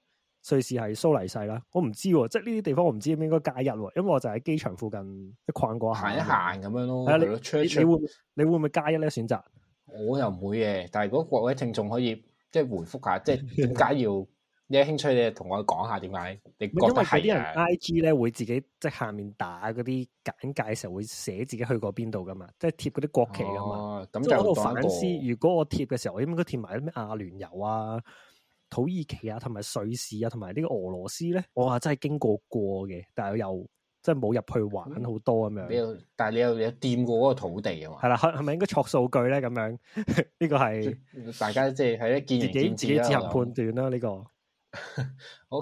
瑞士係蘇黎世啦，我唔知喎，即係呢啲地方我唔知應唔應該加一喎，因為我就喺機場附近一逛過行一行咁樣咯。你會你會唔會加一咧選擇？我又唔會嘅，但係如果各位聽眾可以即係回覆一下，即係點解要的你有興趣說一你同我講下點解？你因為有啲人 I G 咧會自己即係下面打嗰啲簡介嘅時候會寫自己去過邊度噶嘛，即係貼嗰啲國旗噶嘛。咁、啊、就我反思，個如果我貼嘅時候，我應該貼埋啲咩阿聯酋啊？啊啊啊啊土耳其啊，同埋瑞士啊，同埋呢個俄羅斯咧，我話真係經過過嘅，但係又真係冇入去玩好多咁樣。有但係你又有掂過嗰個土地啊嘛？係啦， 係咪應該錯數據咧？咁樣呢、這個係大家即係喺呢見仁見智啦。自己，自己自行判斷啦、啊，呢、嗯這個。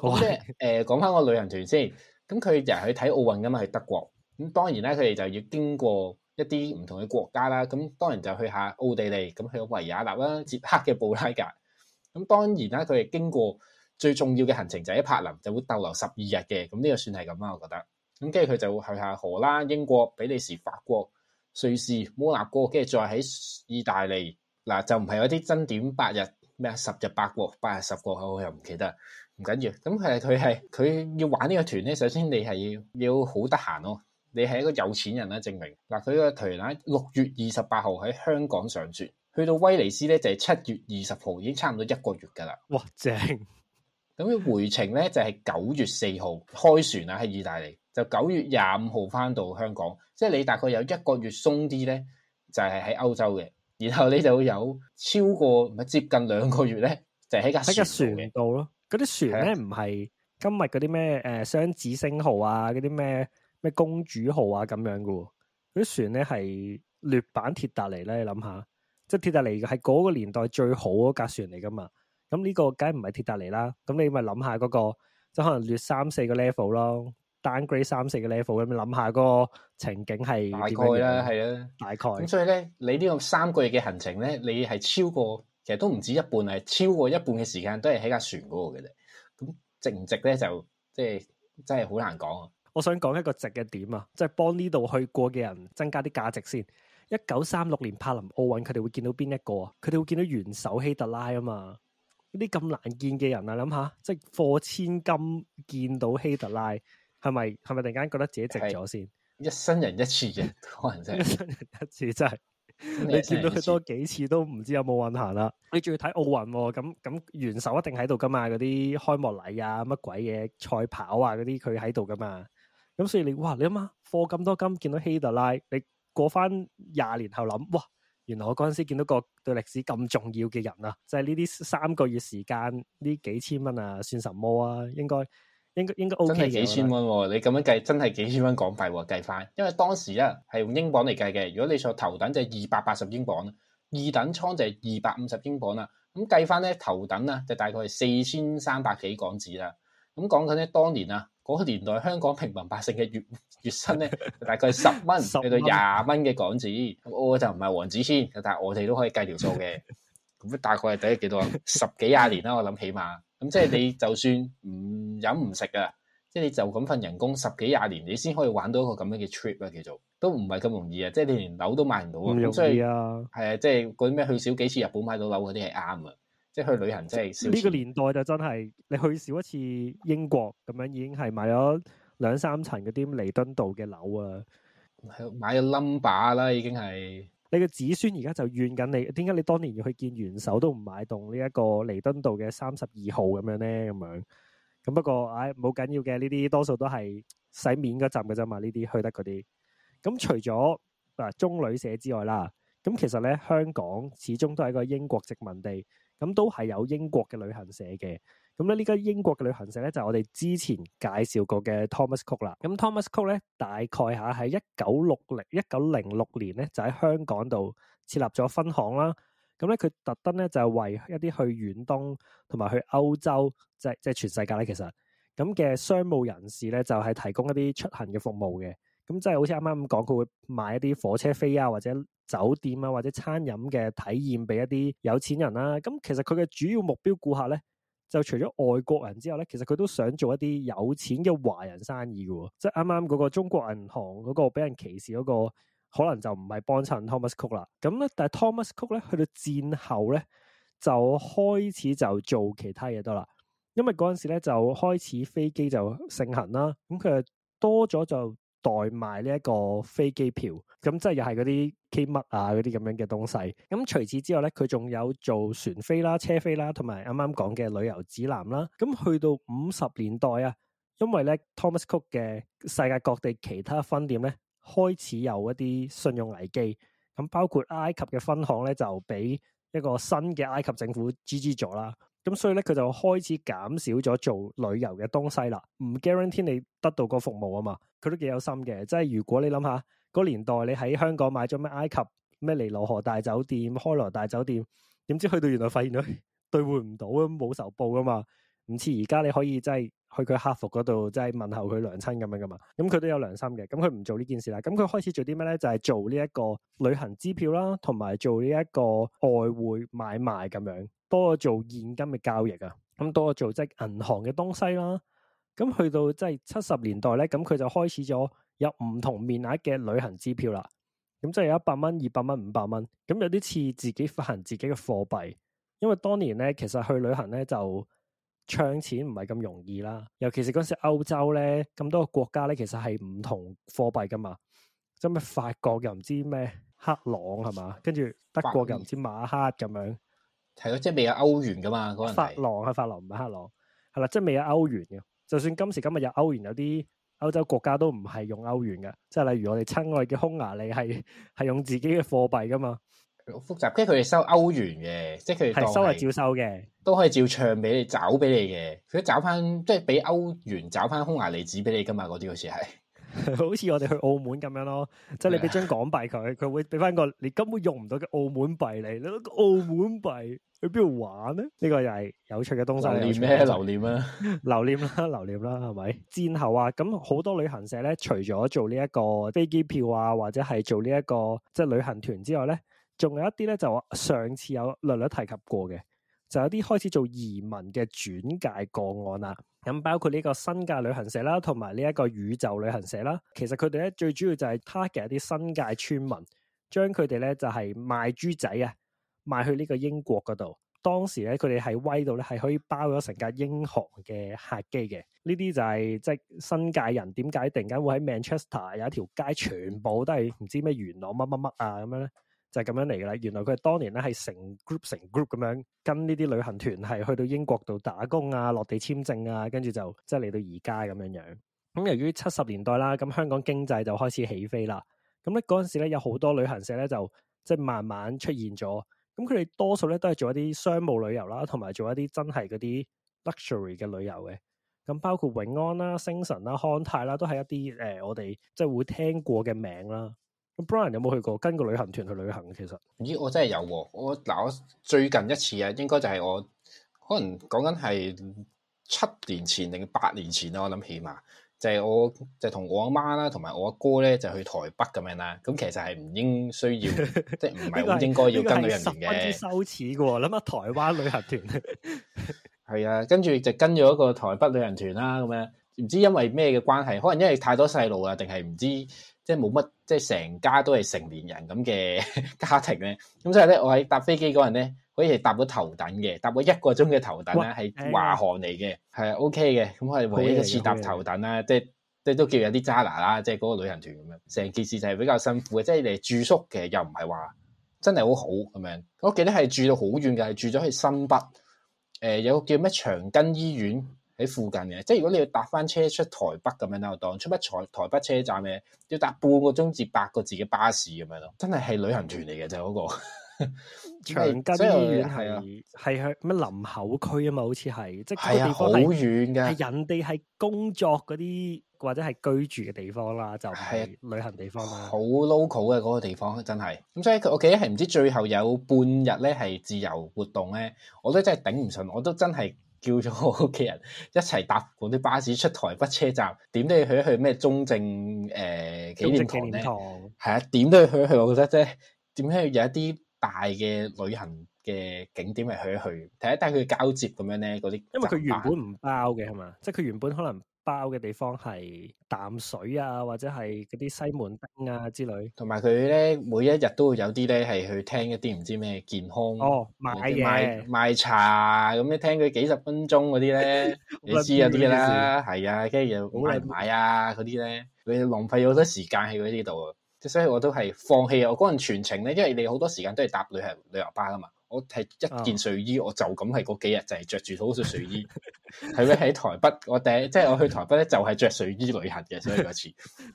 好即係誒講翻個旅行團先，咁佢就去睇奧運㗎嘛，去德國。咁當然咧，佢哋就要經過一啲唔同嘅國家啦。咁當然就去下奧地利，咁去維也納啦，捷克嘅布拉格。咁當然啦、啊，佢係經過最重要嘅行程就喺柏林，就會逗留十二日嘅。咁呢個算係咁啦，我覺得。咁跟住佢就會去下荷蘭、英國、比利時、法國、瑞士、摩納哥，跟住再喺意大利嗱，就唔係有啲真點八日咩十日八國，八日十國，我又唔記得。唔緊要，咁佢係佢要玩呢個團咧，首先你係要要好得閒咯，你係一個有錢人啦，證明嗱佢個團咧，六月二十八號喺香港上船。去到威尼斯咧，就係七月二十號，已經差唔多一個月噶啦。哇，正。咁嘅回程咧，就係九月四號開船啊，喺意大利就九月廿五號翻到香港，即係你大概有一個月鬆啲咧，就係喺歐洲嘅，然後你就會有超過唔係接近兩個月咧，就喺架船嘅度咯。嗰啲船咧唔係今日嗰啲咩誒雙子星號啊，嗰啲咩咩公主號啊咁樣噶。嗰啲船咧係劣版鐵達尼咧，你諗下。即係鐵達尼嘅係嗰個年代最好嗰架船嚟噶嘛？咁呢個梗係唔係鐵達尼啦。咁你咪諗下嗰個，即係可能劣三四個 level 咯，單 grade 三四個 level 咁樣諗下嗰個情景係大概啦，係啊，大概。咁所以咧，你呢個三個月嘅行程咧，你係超過，其實都唔止一半啊，係超過一半嘅時間都係喺架船嗰個嘅啫。咁值唔值咧？就即係真係好難講啊。我想講一個值嘅點啊，即係幫呢度去過嘅人增加啲價值先。一九三六年柏林奧運，佢哋會見到邊一個啊？佢哋會見到元首希特拉啊嘛？嗰啲咁難見嘅人啊，諗下即係課千金見到希特拉，係咪係咪突然間覺得自己值咗先？一生人一次嘅，可能 一生人一次真係。 你見到佢多幾次都唔知有冇運行啦。 你仲要睇奧運咁咁元首一定喺度噶嘛？嗰啲開幕禮啊，乜鬼嘢賽跑啊，嗰啲佢喺度噶嘛？咁所以你哇，你諗下課咁多金見到希特拉，你。過翻廿年後諗，哇！原來我嗰陣時見到個對歷史咁重要嘅人啊，就係呢啲三個月時間呢幾千蚊啊，算什麼啊？應該應該應該 O K 嘅真係幾千蚊，啊，你咁樣計真係幾千蚊港幣計、啊、翻，因為當時啊係用英鎊嚟計嘅。如果你坐頭等就係二百八十英鎊啦，二等倉就係二百五十英鎊啦，咁計翻咧頭等啊就大概係四千三百幾港紙啦。咁講緊咧當年啊。嗰個年代香港平民百姓嘅月月薪咧，大概十蚊去到廿蚊嘅港紙，我就唔係王子先，但係我哋都可以計條數嘅。咁 大概係第一幾多？ 十幾廿年啦，我諗起碼。咁即係你就算唔飲唔食啊， 即係你就咁份人工十幾廿年，你先可以玩到一個咁樣嘅 trip 啊，叫做都唔係咁容易啊。即係你連樓都買唔到，唔容易啊。咁所以啊，係啊，即係嗰啲咩去少幾次日本買到樓嗰啲係啱啊。即係去旅行，即係呢個年代就真係你去少一次英國咁樣，已經係買咗兩三層嗰啲彌敦道嘅樓啊，買咗 number 啦，已經係你嘅子孫而家就怨緊你點解你當年要去見元首都唔買棟呢一個彌敦道嘅三十二號咁樣咧？咁樣咁不過唉，冇、哎、緊要嘅呢啲，多數都係洗面嗰陣嘅啫嘛。呢啲去得嗰啲咁，除咗啊中旅社之外啦，咁其實咧香港始終都係一個英國殖民地。咁都係有英國嘅旅行社嘅，咁咧呢間英國嘅旅行社咧就係我哋之前介紹過嘅 Thomas Cook 啦。咁 Thomas Cook 咧，大概下喺一九六零一九零六年咧就喺香港度設立咗分行啦。咁咧佢特登咧就係為一啲去遠東同埋去歐洲，即係即係全世界咧其實，咁嘅商務人士咧就係提供一啲出行嘅服務嘅。咁即係好似啱啱咁講，佢會買一啲火車飛啊，或者酒店啊，或者餐飲嘅體驗俾一啲有錢人啦，啊。咁其實佢嘅主要目標顧客咧，就除咗外國人之後咧，其實佢都想做一啲有錢嘅華人生意嘅，即係啱啱嗰個中國銀行嗰個俾人歧視嗰，那個，可能就唔係幫襯 Thomas Cook 啦。咁咧，但係 Thomas Cook 咧去到戰後咧，就開始就做其他嘢多啦，因為嗰陣時咧就開始飛機就盛行啦，咁佢多咗就。代賣呢一個飛機票，咁即係又係嗰啲機票啊，嗰啲咁樣嘅東西。咁除此之外咧，佢仲有做船飛啦、車飛啦，同埋啱啱講嘅旅遊指南啦。咁去到五十年代啊，因為咧 Thomas Cook 嘅世界各地其他分店咧開始有一啲信用危機，咁包括埃及嘅分行咧就俾一個新嘅埃及政府支持咗啦。咁所以咧佢就開始減少咗做旅遊嘅東西啦，唔 guarantee 你得到個服務啊嘛。佢都幾有心嘅，即係如果你諗下嗰年代，你喺香港買咗咩埃及咩尼羅河大酒店、開羅大酒店，點知去到原來發現佢兌換唔到咁冇仇報噶嘛？唔似而家你可以即係去佢客服嗰度即係問候佢娘親咁樣噶嘛？咁佢都有良心嘅，咁佢唔做呢件事啦。咁佢開始做啲咩咧？就係做呢一個旅行支票啦，同埋做呢一個外匯買賣咁樣，多過做現金嘅交易啊，咁多過做即銀行嘅東西啦。咁去到即係七十年代咧，咁佢就開始咗有唔同面額嘅旅行支票啦。咁即係一百蚊、二百蚊、五百蚊。咁有啲似自己發行自己嘅貨幣，因為當年咧，其實去旅行咧就唱錢唔係咁容易啦。尤其是嗰時歐洲咧，咁多個國家咧，其實係唔同貨幣噶嘛。即係咩法國又唔知咩克朗係嘛，跟住德國又唔知馬克咁樣。係咯，即係未有歐元噶嘛，嗰法郎啊，法郎唔係克朗，係啦，即係未有歐元嘅。就算今時今日有歐元，有啲歐洲國家都唔係用歐元嘅，即係例如我哋親愛嘅匈牙利係係用自己嘅貨幣噶嘛，好複雜。即係佢哋收歐元嘅，即係佢哋當係收係照收嘅，都可以照唱俾你找俾你嘅。佢都找翻，即係俾歐元找翻匈牙利紙俾你噶嘛。嗰啲好似係，好似我哋去澳門咁樣咯，即係你俾張港幣佢，佢會俾翻個你根本用唔到嘅澳門幣你，你澳門幣。去邊度玩咧？呢、這個又係有趣嘅東西。留咩留念啦、啊？ 留念啦，留念啦，係咪？戰後啊，咁好多旅行社咧，除咗做呢一個飛機票啊，或者係做呢、這、一個即係、就是、旅行團之外咧，仲有一啲咧就上次有略略提及過嘅，就有啲開始做移民嘅轉介個案啦、啊、咁包括呢個新界旅行社啦、啊，同埋呢一個宇宙旅行社啦、啊，其實佢哋咧最主要就係 target 一啲新界村民，將佢哋咧就係、是、賣豬仔啊。賣去呢個英國嗰度，當時咧佢哋喺威度咧，係可以包咗成架英航嘅客機嘅。呢啲就係即係新界人點解突然間會喺 Manchester 有一條街全部都係唔知咩元朗乜乜乜啊咁樣咧，就係咁樣嚟噶啦。原來佢當年咧係成 group 成 group 咁樣跟呢啲旅行團係去到英國度打工啊，落地簽證啊，跟住就即係嚟到而家咁樣樣。咁由於七十年代啦，咁香港經濟就開始起飛啦。咁咧嗰陣時咧有好多旅行社咧就即係慢慢出現咗。咁佢哋多數咧都係做一啲商務旅遊啦，同埋做一啲真係嗰啲 luxury 嘅旅遊嘅。咁包括永安啦、星晨啦、康泰啦，都係一啲誒、呃，我哋即係會聽過嘅名啦。咁 Brian 有冇去過跟個旅行團去旅行？其實咦，我真係有、啊。我嗱，我最近一次啊，應該就係我可能講緊係七年前定八年前啦、啊。我諗起碼。就係我就同我阿媽啦，同埋我阿哥咧，就是、哥哥去台北咁樣啦。咁其實係唔應需要， 即係唔係好應該要跟人的 要的想想旅行團嘅，係十分之羞恥嘅諗下台灣旅行團係啊，跟住就跟咗一個台北旅行團啦。咁樣唔知因為咩嘅關係，可能因為太多細路啊，定係唔知即係冇乜，即係成家都係成年人咁嘅家庭咧。咁所以咧，我喺搭飛機嗰陣咧。可以係搭過頭等嘅，搭過一個鐘嘅頭等咧，係華哇航嚟嘅，係 O K 嘅。咁我哋唯一一次搭頭等啦，即係都都叫有啲渣男啦，即係嗰個旅行團咁樣。成件事就係比較辛苦嘅，即係你住宿嘅又唔係話真係好好咁樣。 我記得係住到好遠嘅，係住咗喺新北。誒、呃，有個叫咩長庚醫院喺附近嘅，即係如果你要搭翻車出台北咁樣啦，當出乜台台北車站嘅要搭半個鐘至八個字嘅巴士咁樣咯。真係係旅行團嚟嘅就嗰、是、個、嗯。 長庚醫院係係去咩林口區啊嘛，好似係，即係、啊、地方好遠噶係人哋係工作嗰啲或者係居住嘅地方啦，就係旅行地方。好 local 嘅嗰個地方真係。咁所以佢屋企係唔知最後有半日咧，係自由活動咧，我都真係頂唔順，我都真係叫咗我屋企人一齊搭嗰啲巴士出台北車站，點都要去一去咩中正誒呃、紀念堂咧？係啊，點都要去一去，我覺得即係點解有一啲。大嘅旅行嘅景點係去一去，睇一睇佢交接咁樣咧嗰啲。因為佢原本唔包嘅係嘛，即係佢原本可能包嘅地方係淡水啊，或者係嗰啲西門町啊之類。同埋佢咧每一日都會有啲咧係去聽一啲唔知咩健康哦，買嘢賣，賣茶咁咧聽佢幾十分鐘嗰啲咧， 你知啊啲啦，係 啊，跟住又買啊嗰啲咧，你浪費好多時間喺佢呢度。所以我都係放棄我嗰陣全程咧，因為你好多時間都係搭旅行旅遊巴噶嘛，我係一件睡衣，哦、我就咁係嗰幾日就係着住好少睡衣，係咪喺台北？我第一，即、就、係、是、我去台北咧，就係着睡衣旅行嘅，所以嗰次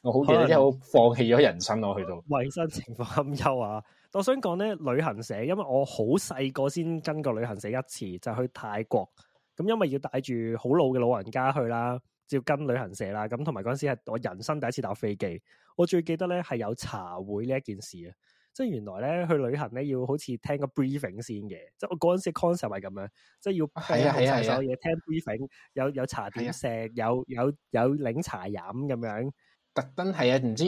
我好記得，因為我放棄咗人生，我去到。衛生情況堪憂啊！我想講咧，旅行社，因為我好細個先跟過旅行社一次，就是、去泰國。咁因為要帶住好老嘅老人家去啦，照跟旅行社啦，咁同埋嗰陣時係我人生第一次搭飛機。我最記得咧係有茶會呢一件事啊，即係原來咧去旅行咧要好似聽個 briefing 先嘅，即係我嗰陣時 concept 係咁樣，即係要係啊係啊，啊啊啊 ing，有嘢聽 briefing 有有茶點食、啊，有有有檸茶飲咁樣，特登係啊，唔知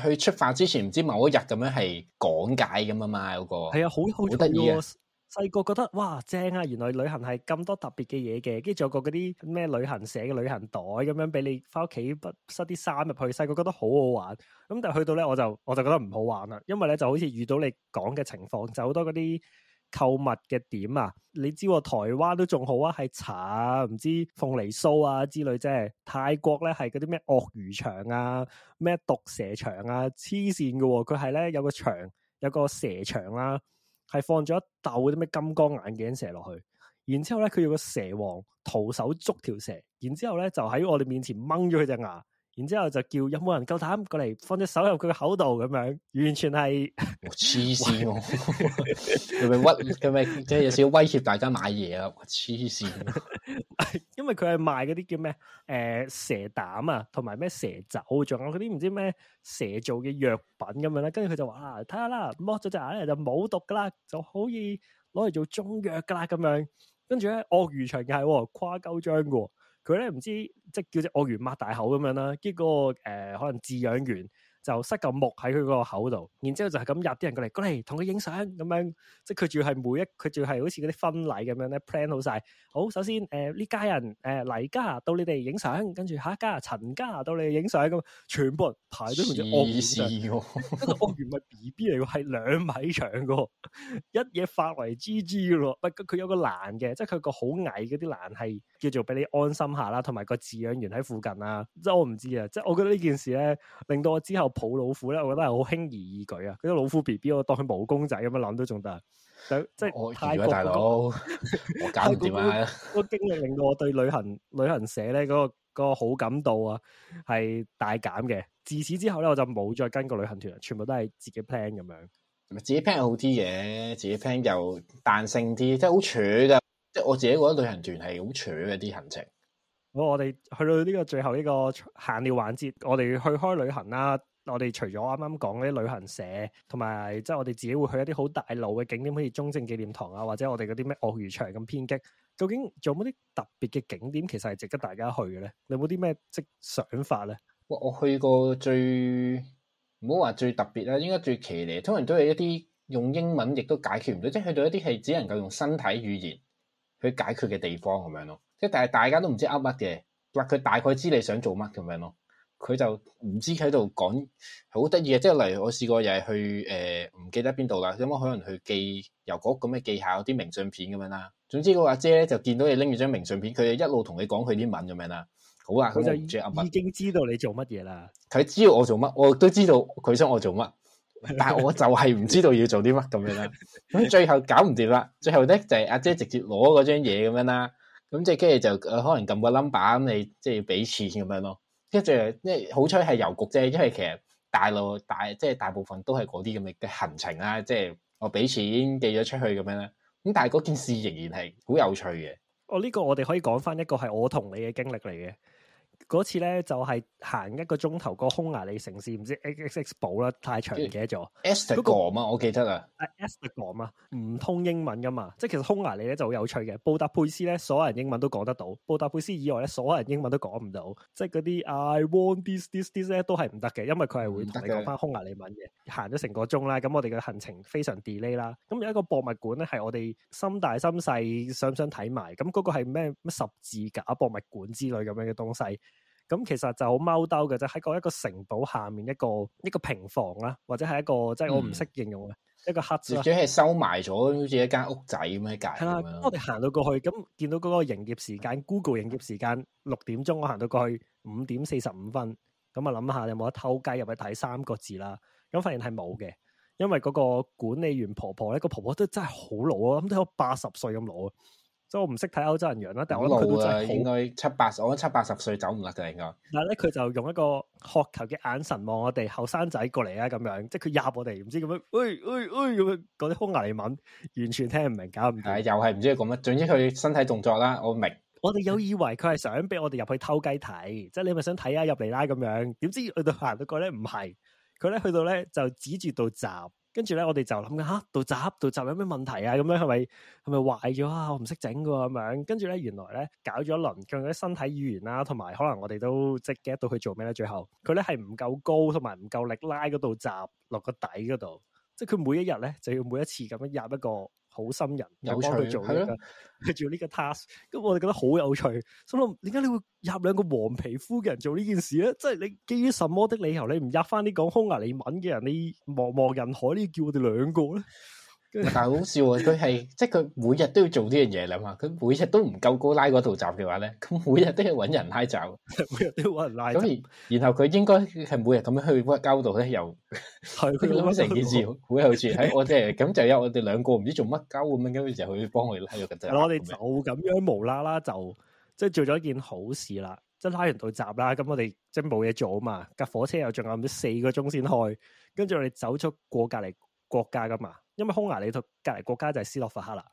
去出發之前唔知某一日咁樣係講解咁啊嘛，有、嗰個係啊，好好得意細個覺得哇正啊！原來旅行係咁多特別嘅嘢嘅，跟住仲有個嗰啲咩旅行社嘅旅行袋咁樣俾你翻屋企，塞塞啲衫入去。細個覺得好好玩，咁但係去到咧，我就我就覺得唔好玩啦，因為咧就好似遇到你講嘅情況，就好多嗰啲購物嘅點啊！你知喎，台灣都仲好啊，係茶啊，唔知鳳梨酥啊之類啫。泰國咧係嗰啲咩鱷魚場啊，咩毒蛇場啊，黐線嘅喎，佢係咧有個場，有個蛇場啦、啊。係放咗一兜啲咩金光眼鏡蛇落去，然之後咧，佢有個蛇王徒手捉條蛇，然之後咧就喺我哋面前掹咗佢隻牙。然之後就叫有冇人夠膽過嚟放隻手入佢個口度咁樣，完全係黐線哦！係咪 屈？係咪即係有少少威脅大家買嘢、 呃、啊？黐線！因為佢係賣嗰啲叫咩誒蛇膽啊，同埋咩蛇酒仲有嗰啲唔知咩蛇做嘅藥品咁樣咧。跟住佢就話啊，睇下啦，剝咗隻牙就冇毒噶啦，就可以攞嚟做中藥噶啦咁樣。跟住咧，鱷魚場又係誇鳩張噶。佢咧唔知即係叫隻鱷魚擘大口咁樣啦，結果個、呃、可能飼養員。就塞嚿木喺佢嗰個口度，然之後就係咁入啲人過嚟，過嚟同佢影相咁樣，即係佢仲要係每一，佢仲要係好似嗰啲婚禮咁樣咧 plan 好晒。好，首先呢、呃、家人誒嚟、呃、家到你哋影相，跟住下一家陳家到你哋影相咁，全部人排都好似屙屎咁。嗰個鱷魚唔係 B B 嚟㗎，係兩米長個，一嘢發為 gg 㗎喎。佢有個欄嘅，即係佢個好矮嗰啲欄係叫做俾你安心下啦，同埋個飼養員喺附近啊。即係我唔知啊，即係我覺得呢件事咧令到我之後。抱老虎咧，我覺得係好輕而易舉啊！嗰啲老虎 B B，我當佢毛公仔咁樣諗都仲得。即係泰大佬， 我搞掂啊！個經歷令到我對旅行旅行社咧嗰、嗰個那個好感度啊，係大減嘅。自此之後咧，我就冇再跟過旅行團，全部都係自己 plan 咁樣。自己 plan 好啲嘢，自己 plan 又彈性啲，即係好 short 嘅即係我自己覺得旅行團係好 short 嘅啲行程。好，我我哋去到呢、呢個最後呢個閒聊環節，我哋去開旅行啦。我哋除咗啱啱講嗰啲旅行社，同埋即係我哋自己會去一啲好大路嘅景點，好似中正紀念堂啊，或者我哋嗰啲咩鱷魚場咁偏激。究竟仲有冇啲特別嘅景點其實係值得大家去嘅咧？有冇啲咩即想法咧？我我去過最唔好話最特別啦，應該最騎呢，通常都係一啲用英文亦都解決唔到，即係去到一啲係只能夠用身體語言去解決嘅地方咁樣咯。即係但係大家都唔知噏乜嘅，但佢大概知你想做乜咁樣咯。是佢就唔知喺度講好得意嘅，即係例如我試過又係去誒，唔、呃、記得邊度啦，咁樣可能去寄郵局咁嘅技巧啲明信片咁樣啦。總之個阿姐咧就見到你拎住張明信片，佢就一路同你講佢啲文咁樣啦。好啊，佢就已經、嗯、知道你做乜嘢啦。佢知道我做乜，我都知道佢想我做乜，但係我就係唔知道要做啲乜咁樣啦。咁 最後搞唔掂啦，最後咧就係、是、阿姐直接攞嗰張嘢咁樣啦。咁即係跟住就，就、呃、可能撳個 number，你即係、就是、要俾錢咁樣咯。跟住，即係好彩係郵局啫，因為其實大陸大，即係大部分都係嗰啲咁嘅行程啦，即係我俾錢寄咗出去咁樣啦。咁但係嗰件事仍然係好有趣嘅。哦，呢個我哋可以講翻一個係我同你嘅經歷嚟嘅。嗰次咧就係、是、行一個鐘頭個匈牙利城市，唔知 X X X 堡啦，po, 太長嘅咗。Esztergom 啊，我記得啊 Esztergom 啊，唔通英文噶嘛？嗯嗯、即係其實匈牙利咧就好有趣嘅。布達佩斯咧，所有人英文都講得到；布達佩斯以外咧，所有人英文都講唔到，即係嗰啲 I want this this this 咧都係唔得嘅，因為佢係會同你講翻匈牙利文嘅。行咗成個鐘啦，咁我哋嘅行程非常 delay 啦。咁有一個博物館咧，係我哋心大心細想唔想睇埋，咁嗰個係咩咩十字架博物館之類咁樣嘅東西。咁其實就好踎兜嘅，就喺嗰一個城堡下面一個一個平房啦，或者係一個即係、就是、我唔識形容嘅一個黑字。或者係收埋咗，好似一間屋仔咁樣解。係啦，我哋行到過去，咁見到嗰個營業時間、嗯、Google 營業時間六點鐘，我行到過去五點四十五分，咁啊諗下你有冇得偷雞入去睇三個字啦，咁發現係冇嘅，因為嗰個管理員婆婆咧，個婆婆都真係好老啊，咁都八十歲咁老啊。所以我唔識睇歐洲人樣啦，但係我諗佢都真係應該七八，我諗七八十歲走唔甩嘅應該。但係咧，佢就用一個渴求嘅眼神望我哋後生仔過嚟啦。咁樣，即係佢壓我哋，唔知咁樣，喂，喂，喂，咁樣嗰啲匈牙利文，完全聽唔明，搞唔明。又係唔知佢講乜，總之佢身體動作啦，我明。我哋有以為佢係想俾我哋入去偷雞睇，即係 你咪想睇下入嚟啦咁樣。點知去到行到過咧，唔係，佢咧去到咧就指住道閘。跟住咧，我哋就諗緊吓，度閘度閘有咩問題啊？咁樣係咪係咪壞咗啊？我唔識整㗎喎，咁樣。跟住咧，原來咧搞咗一輪，用啲身體語言啦，啊，同埋可能我哋都即 get 到佢做咩咧。最後佢咧係唔夠高，同埋唔夠力拉嗰度閘落個底嗰度。即佢每一日咧就要每一次咁樣入一個。好心人有幫去做去做呢個 task，咁我哋覺得好有趣。心諗點解你會入兩個黃皮膚嘅人做呢件事咧？即係你基於什麼的理由，你唔入翻啲講匈牙利文嘅人，你茫茫人海，你叫我哋兩個咧？但係好笑，佢係即係佢每日都要做呢樣嘢，諗下，佢每日都唔夠高拉嗰道閘嘅話咧，咁每日都要搵人拉閘，每日都要搵人拉。咁然後佢應該係每日咁樣去交度咧，又係佢諗成件事好有趣。喺我哋咁就有我哋兩個唔知做乜鳩咁樣，跟住就去幫佢拉咗。係我哋就咁樣無啦啦就即係做咗一件好事啦，即係拉完道閘啦。咁我哋即係冇嘢做啊嘛，架火車又仲有唔知四個鐘先開，跟住我哋走出過隔籬國家噶嘛。因為匈牙利度隔籬國家就係斯洛伐克啦，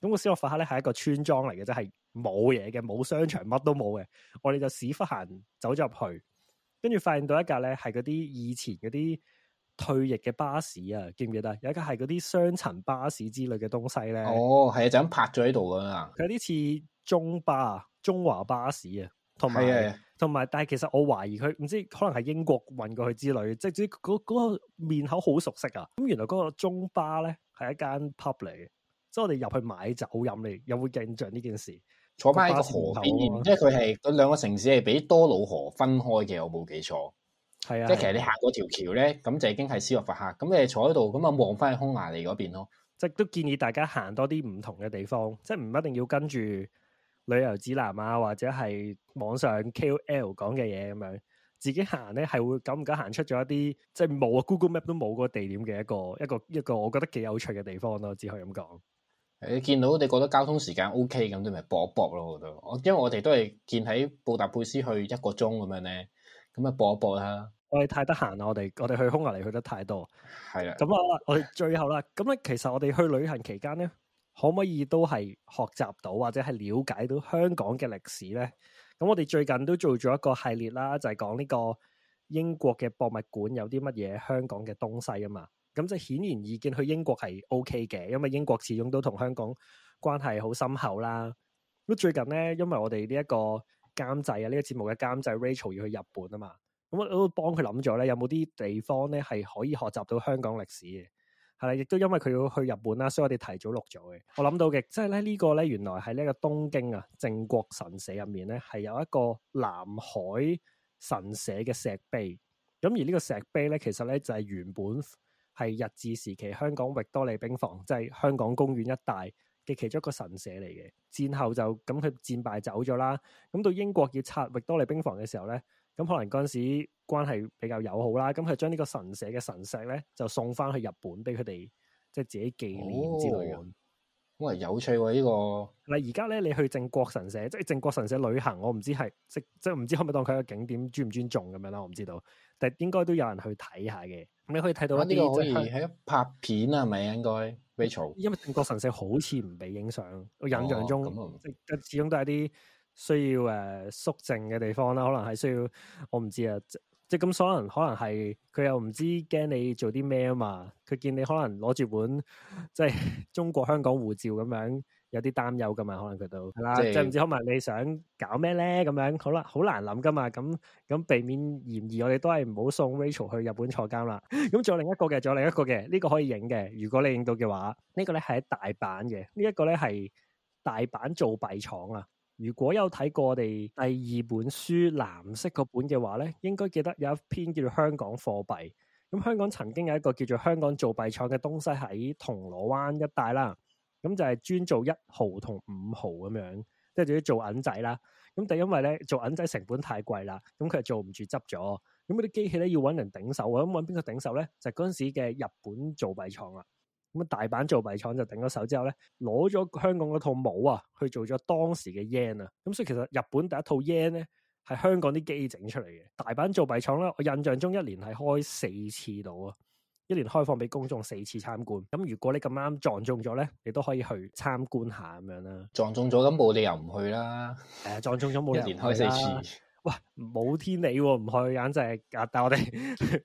咁個斯洛伐克咧，係一個村莊嚟嘅，即係冇嘢嘅，冇商場，乜都冇嘅。我哋就屎忽行走入去，跟住發現到一架咧係嗰啲以前嗰啲退役嘅巴士啊，記唔記得？有一架係嗰啲雙層巴士之類嘅東西咧。哦，係啊，就咁拍咗喺度噶啦。佢有啲似中巴、中華巴士啊，同埋。同埋，但係其實我懷疑佢唔知可能係英國運過去之類，即係嗰嗰個面口好熟悉啊！咁原來嗰個中巴咧係一間 pub 嚟嘅，所以我哋入去買酒飲嚟，有冇印象呢件事？坐翻喺個河邊，即係佢係嗰兩個城市係俾多瑙河分開嘅，我冇記錯。係啊的，即係其實你行過條橋咧，咁就已經係斯洛伐克。咁你坐喺度，咁啊望翻去匈牙利嗰邊咯。即係都建議大家行多啲唔同嘅地方，即係唔一定要跟住。旅遊指南啊，或者係網上 KOL 講嘅嘢咁樣，自己行咧係會敢唔敢行出咗一啲，即係冇啊，Google Map 都冇個地點嘅一個一個一個，一個一個我覺得幾有趣嘅地方咯，只可以咁講。你見到你覺得交通時間 OK 咁，都咪搏一搏咯。我都，因為我哋都係見喺布達佩斯去一個鐘咁樣咧，咁咪搏一搏啦。我哋太得閒啦，我哋我哋去匈牙利去得太多。係啊是的，咁我我哋最後啦，咁咧 其實我哋去旅行期間咧。可唔可以都係學習到或者係了解到香港嘅歷史咧？咁我哋最近都做咗一個系列啦，就係、是、講呢個英國嘅博物館有啲乜嘢香港嘅東西啊嘛。咁即係顯而易見去英國係 OK 嘅，因為英國始終都同香港關係好深厚啦。咁最近咧，因為我哋呢一個監製啊，呢、這個節目嘅監製 Rachel 要去日本啊嘛，咁我都幫佢諗咗咧，有冇啲地方咧係可以學習到香港歷史嘅？係亦都因為佢要去日本啦，所以我哋提早錄咗嘅。我諗到嘅，即係咧呢個咧，原來喺呢個東京啊，靖國神社入面咧，係有一個南海神社嘅石碑。咁而呢個石碑咧，其實咧就係原本係日治時期香港域多利兵房，即係香港公園一帶嘅其中一個神社嚟嘅。戰後就咁佢戰敗走咗啦。咁到英國要拆域多利兵房嘅時候咧，咁可能嗰陣時關係比較友好啦，咁佢將呢個神社嘅神石咧，就送翻去日本俾佢哋，即係自己紀念之類嘅。好有趣喎呢個。嗱而家咧，你去靖國神社，即係靖國神社旅行，我唔知係即即係唔知可唔可以當佢一個景點尊唔尊重咁樣啦，我唔知道，但係應該都有人去睇下嘅。咁你可以睇到一啲、就係。呢、啊呢個可以喺拍片啊，咪應該 Rachel 因為靖國神社好似唔俾影相，哦、我印象中即、哦就係、始終都係啲，需要誒肅靜嘅地方啦，可能係需要我唔知啊，即係咁可能可能係佢又唔知驚你做啲咩啊嘛，佢見你可能攞住本即係中國香港護照咁樣，有啲擔憂噶嘛，可能佢都係啦，即係唔知可能你想搞咩咧咁樣，好啦，好難諗噶嘛，咁咁避免嫌疑，我哋都係唔好送 Rachel 去日本坐監啦。咁 仲有另一個嘅，仲有另一個嘅，呢、這個可以影嘅，如果你影到嘅話，呢、這個咧係喺大阪嘅，呢、這、一個咧係大阪造幣廠啊。這個如果有睇過我哋第二本書藍色嗰本嘅話咧，應該記得有一篇叫做《香港貨幣》。咁香港曾經有一個叫做香港造幣廠嘅東西喺銅鑼灣一帶啦，咁就係專做一毫同五毫咁樣，即係主要做銀仔啦。咁就因為咧做銀仔成本太貴啦，咁佢係做唔住執咗。咁嗰啲機器咧要揾人頂手啊，咁揾邊個頂手咧？就嗰陣時嘅日本造幣廠啊。咁啊，大阪造幣廠就頂咗手之後咧，攞咗香港嗰套帽啊，去做咗當時嘅 yen 啊。咁所以其實日本第一套 yen 咧，係香港啲機整出嚟嘅。大阪造幣廠咧，我印象中一年係開四次到啊，一年開放俾公眾四次參觀。咁如果你咁啱撞中咗咧，你都可以去參觀下咁樣啦。撞中咗咁冇理由唔去啦？誒， 撞中咗冇理由唔去啦，一年開四次。 「嘩，冇天理喎，唔去眼就係、是啊，但我哋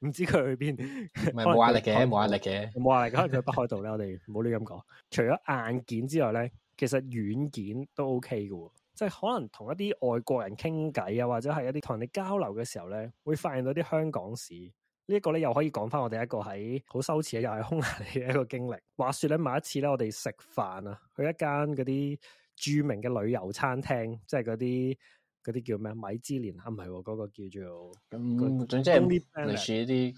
唔知佢去邊。唔係冇壓力嘅，冇壓力嘅，冇壓力。可能佢北海道咧，我哋唔好亂咁講。除咗硬件之外咧，其實軟件都 OK 喎。即係可能同一啲外國人傾偈啊，或者係一啲同人哋交流嘅時候咧，會發現到啲香港史。呢、這、一個咧又可以講翻我哋一個喺好羞恥又係匈牙利嘅一個經歷。話說咧，某一次咧，我哋食飯啊，去一間嗰啲著名嘅旅遊餐廳，即係嗰啲。嗰啲叫咩？米芝蓮啊，唔係嗰個叫做，咁總之係類似啲，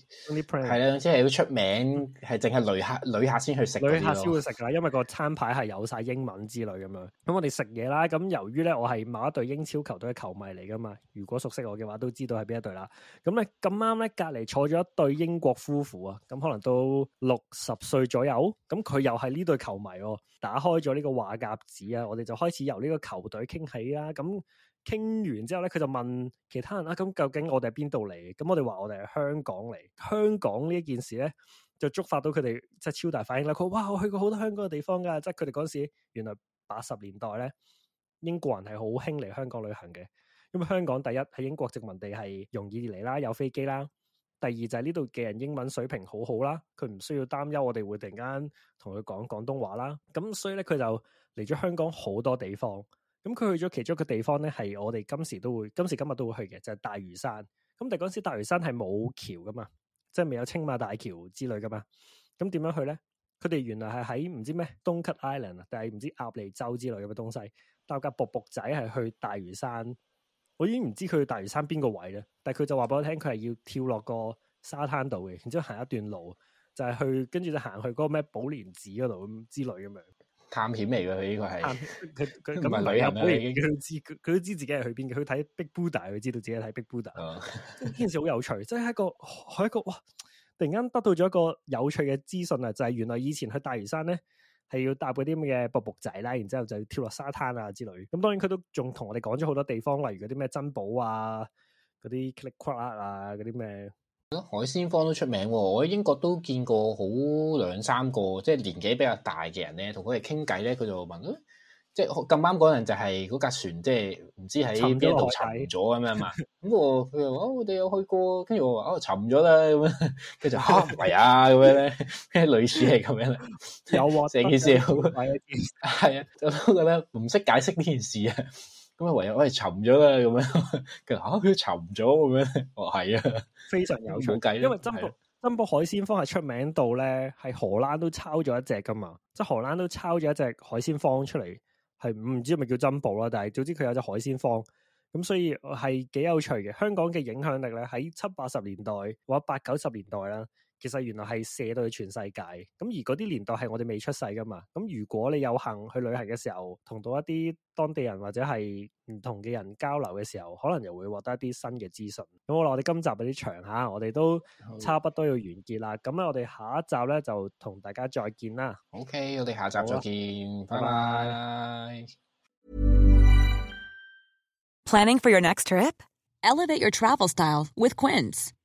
係啦，總之係要出名，係淨係旅客旅客先去食，旅客先會食啦，因為個餐牌係有晒英文之類咁樣。咁我哋食嘢啦，咁由於咧我係某一隊英超球隊嘅球迷嚟噶嘛，如果熟悉我嘅話，都知道係邊一隊啦。咁咧咁啱咧，隔籬坐咗一對英國夫婦啊，咁可能都六十歲左右，咁佢又係呢對球迷，打開咗呢個話匣子啊，我哋就開始由呢個球隊傾起啦，咁。傾完之後咧，佢就問其他人啦。咁、啊、究竟我哋係邊度嚟？咁我哋話我哋係香港嚟。香港呢一件事咧，就觸發到佢哋即係超大反應啦。佢話：哇，我去過好多香港嘅地方㗎、啊。即係佢哋嗰陣時，原來八十年代咧，英國人係好興嚟香港旅行嘅。因為香港第一喺英國殖民地係容易嚟啦，有飛機啦。第二就係呢度嘅人英文水平好好啦，佢唔需要擔憂我哋會突然間同佢講廣東話啦。咁所以咧，佢就嚟咗香港好多地方。咁佢去咗其中一個地方咧，係我哋今時都會今時今日都會去嘅，就係大嶼山。咁但係嗰時大嶼山係冇橋噶嘛，即係未有青馬大橋之類噶嘛。咁點樣去咧？佢哋原來係喺唔知咩東吉 island 啊，定係唔知鴨脷洲之類嘅東西搭架博博仔係去大嶼山。我已經唔知佢去大嶼山邊個位啦，但係佢就話俾我聽，佢係要跳落個沙灘度嘅，然之後行一段路就係去，跟住就行去嗰個咩寶蓮寺嗰度咁之類咁樣。探險嚟嘅佢呢個係，佢佢咁啊旅行啊，佢佢都知佢都知自己係去邊嘅。佢睇《Big Buddha》，佢知道自己係睇《Big Buddha, Big Buddha》。哦。 呢件事好有趣，即係一個係一個哇，突然間得到咗一個有趣嘅資訊啊，就係、是、原來以前去大嶼山咧係要搭嗰啲咁嘅瀑布仔啦，然之後就要跳落沙灘啊之類。咁當然佢都仲同我哋講咗好多地方，例如嗰啲咩珍寶啊，嗰啲 click 啊，嗰啲咩。海鮮坊都出名。我喺英國都見過好兩三個，即係年紀比較大嘅人咧，同佢哋傾偈咧，佢就問，即係咁啱嗰陣就係嗰架船，即係唔知喺邊度沉咗咁樣嘛。咁、 哦、我佢又話我哋有去過，跟住我話哦沉咗啦咁樣，佢就吓唔係啊咁樣咧，啲類似係咁樣呢？ 有成件事係啊，就都覺得唔識解釋呢件事。咁啊唯有喂沉咗啦，咁樣，佢話吓佢沉咗，咁樣，哦，係啊，非常有趣。因為珍寶珍寶海鮮坊係出名到咧，係荷蘭都抄咗一隻噶嘛，即係荷蘭都抄咗一隻海鮮坊出嚟，係唔知係咪叫珍寶啦，但係總之佢有隻海鮮坊，咁所以係幾有趣嘅。香港嘅影響力咧，喺七八十年代或者八九十年代啦。其實原來係寫到去全世界，咁而嗰啲年代係我哋未出世噶嘛。咁如果你有幸去旅行嘅時候，同到一啲當地人或者係唔同嘅人交流嘅時候，可能又會獲得一啲新嘅資訊。咁好啦，我哋今集有啲長吓，我哋都差不多要完結啦。咁咧的，我哋下一集咧就同大家再見啦。OK，我哋下集再見，吧 bye bye 拜拜。Planning for your next trip? Elevate your travel style with Quince.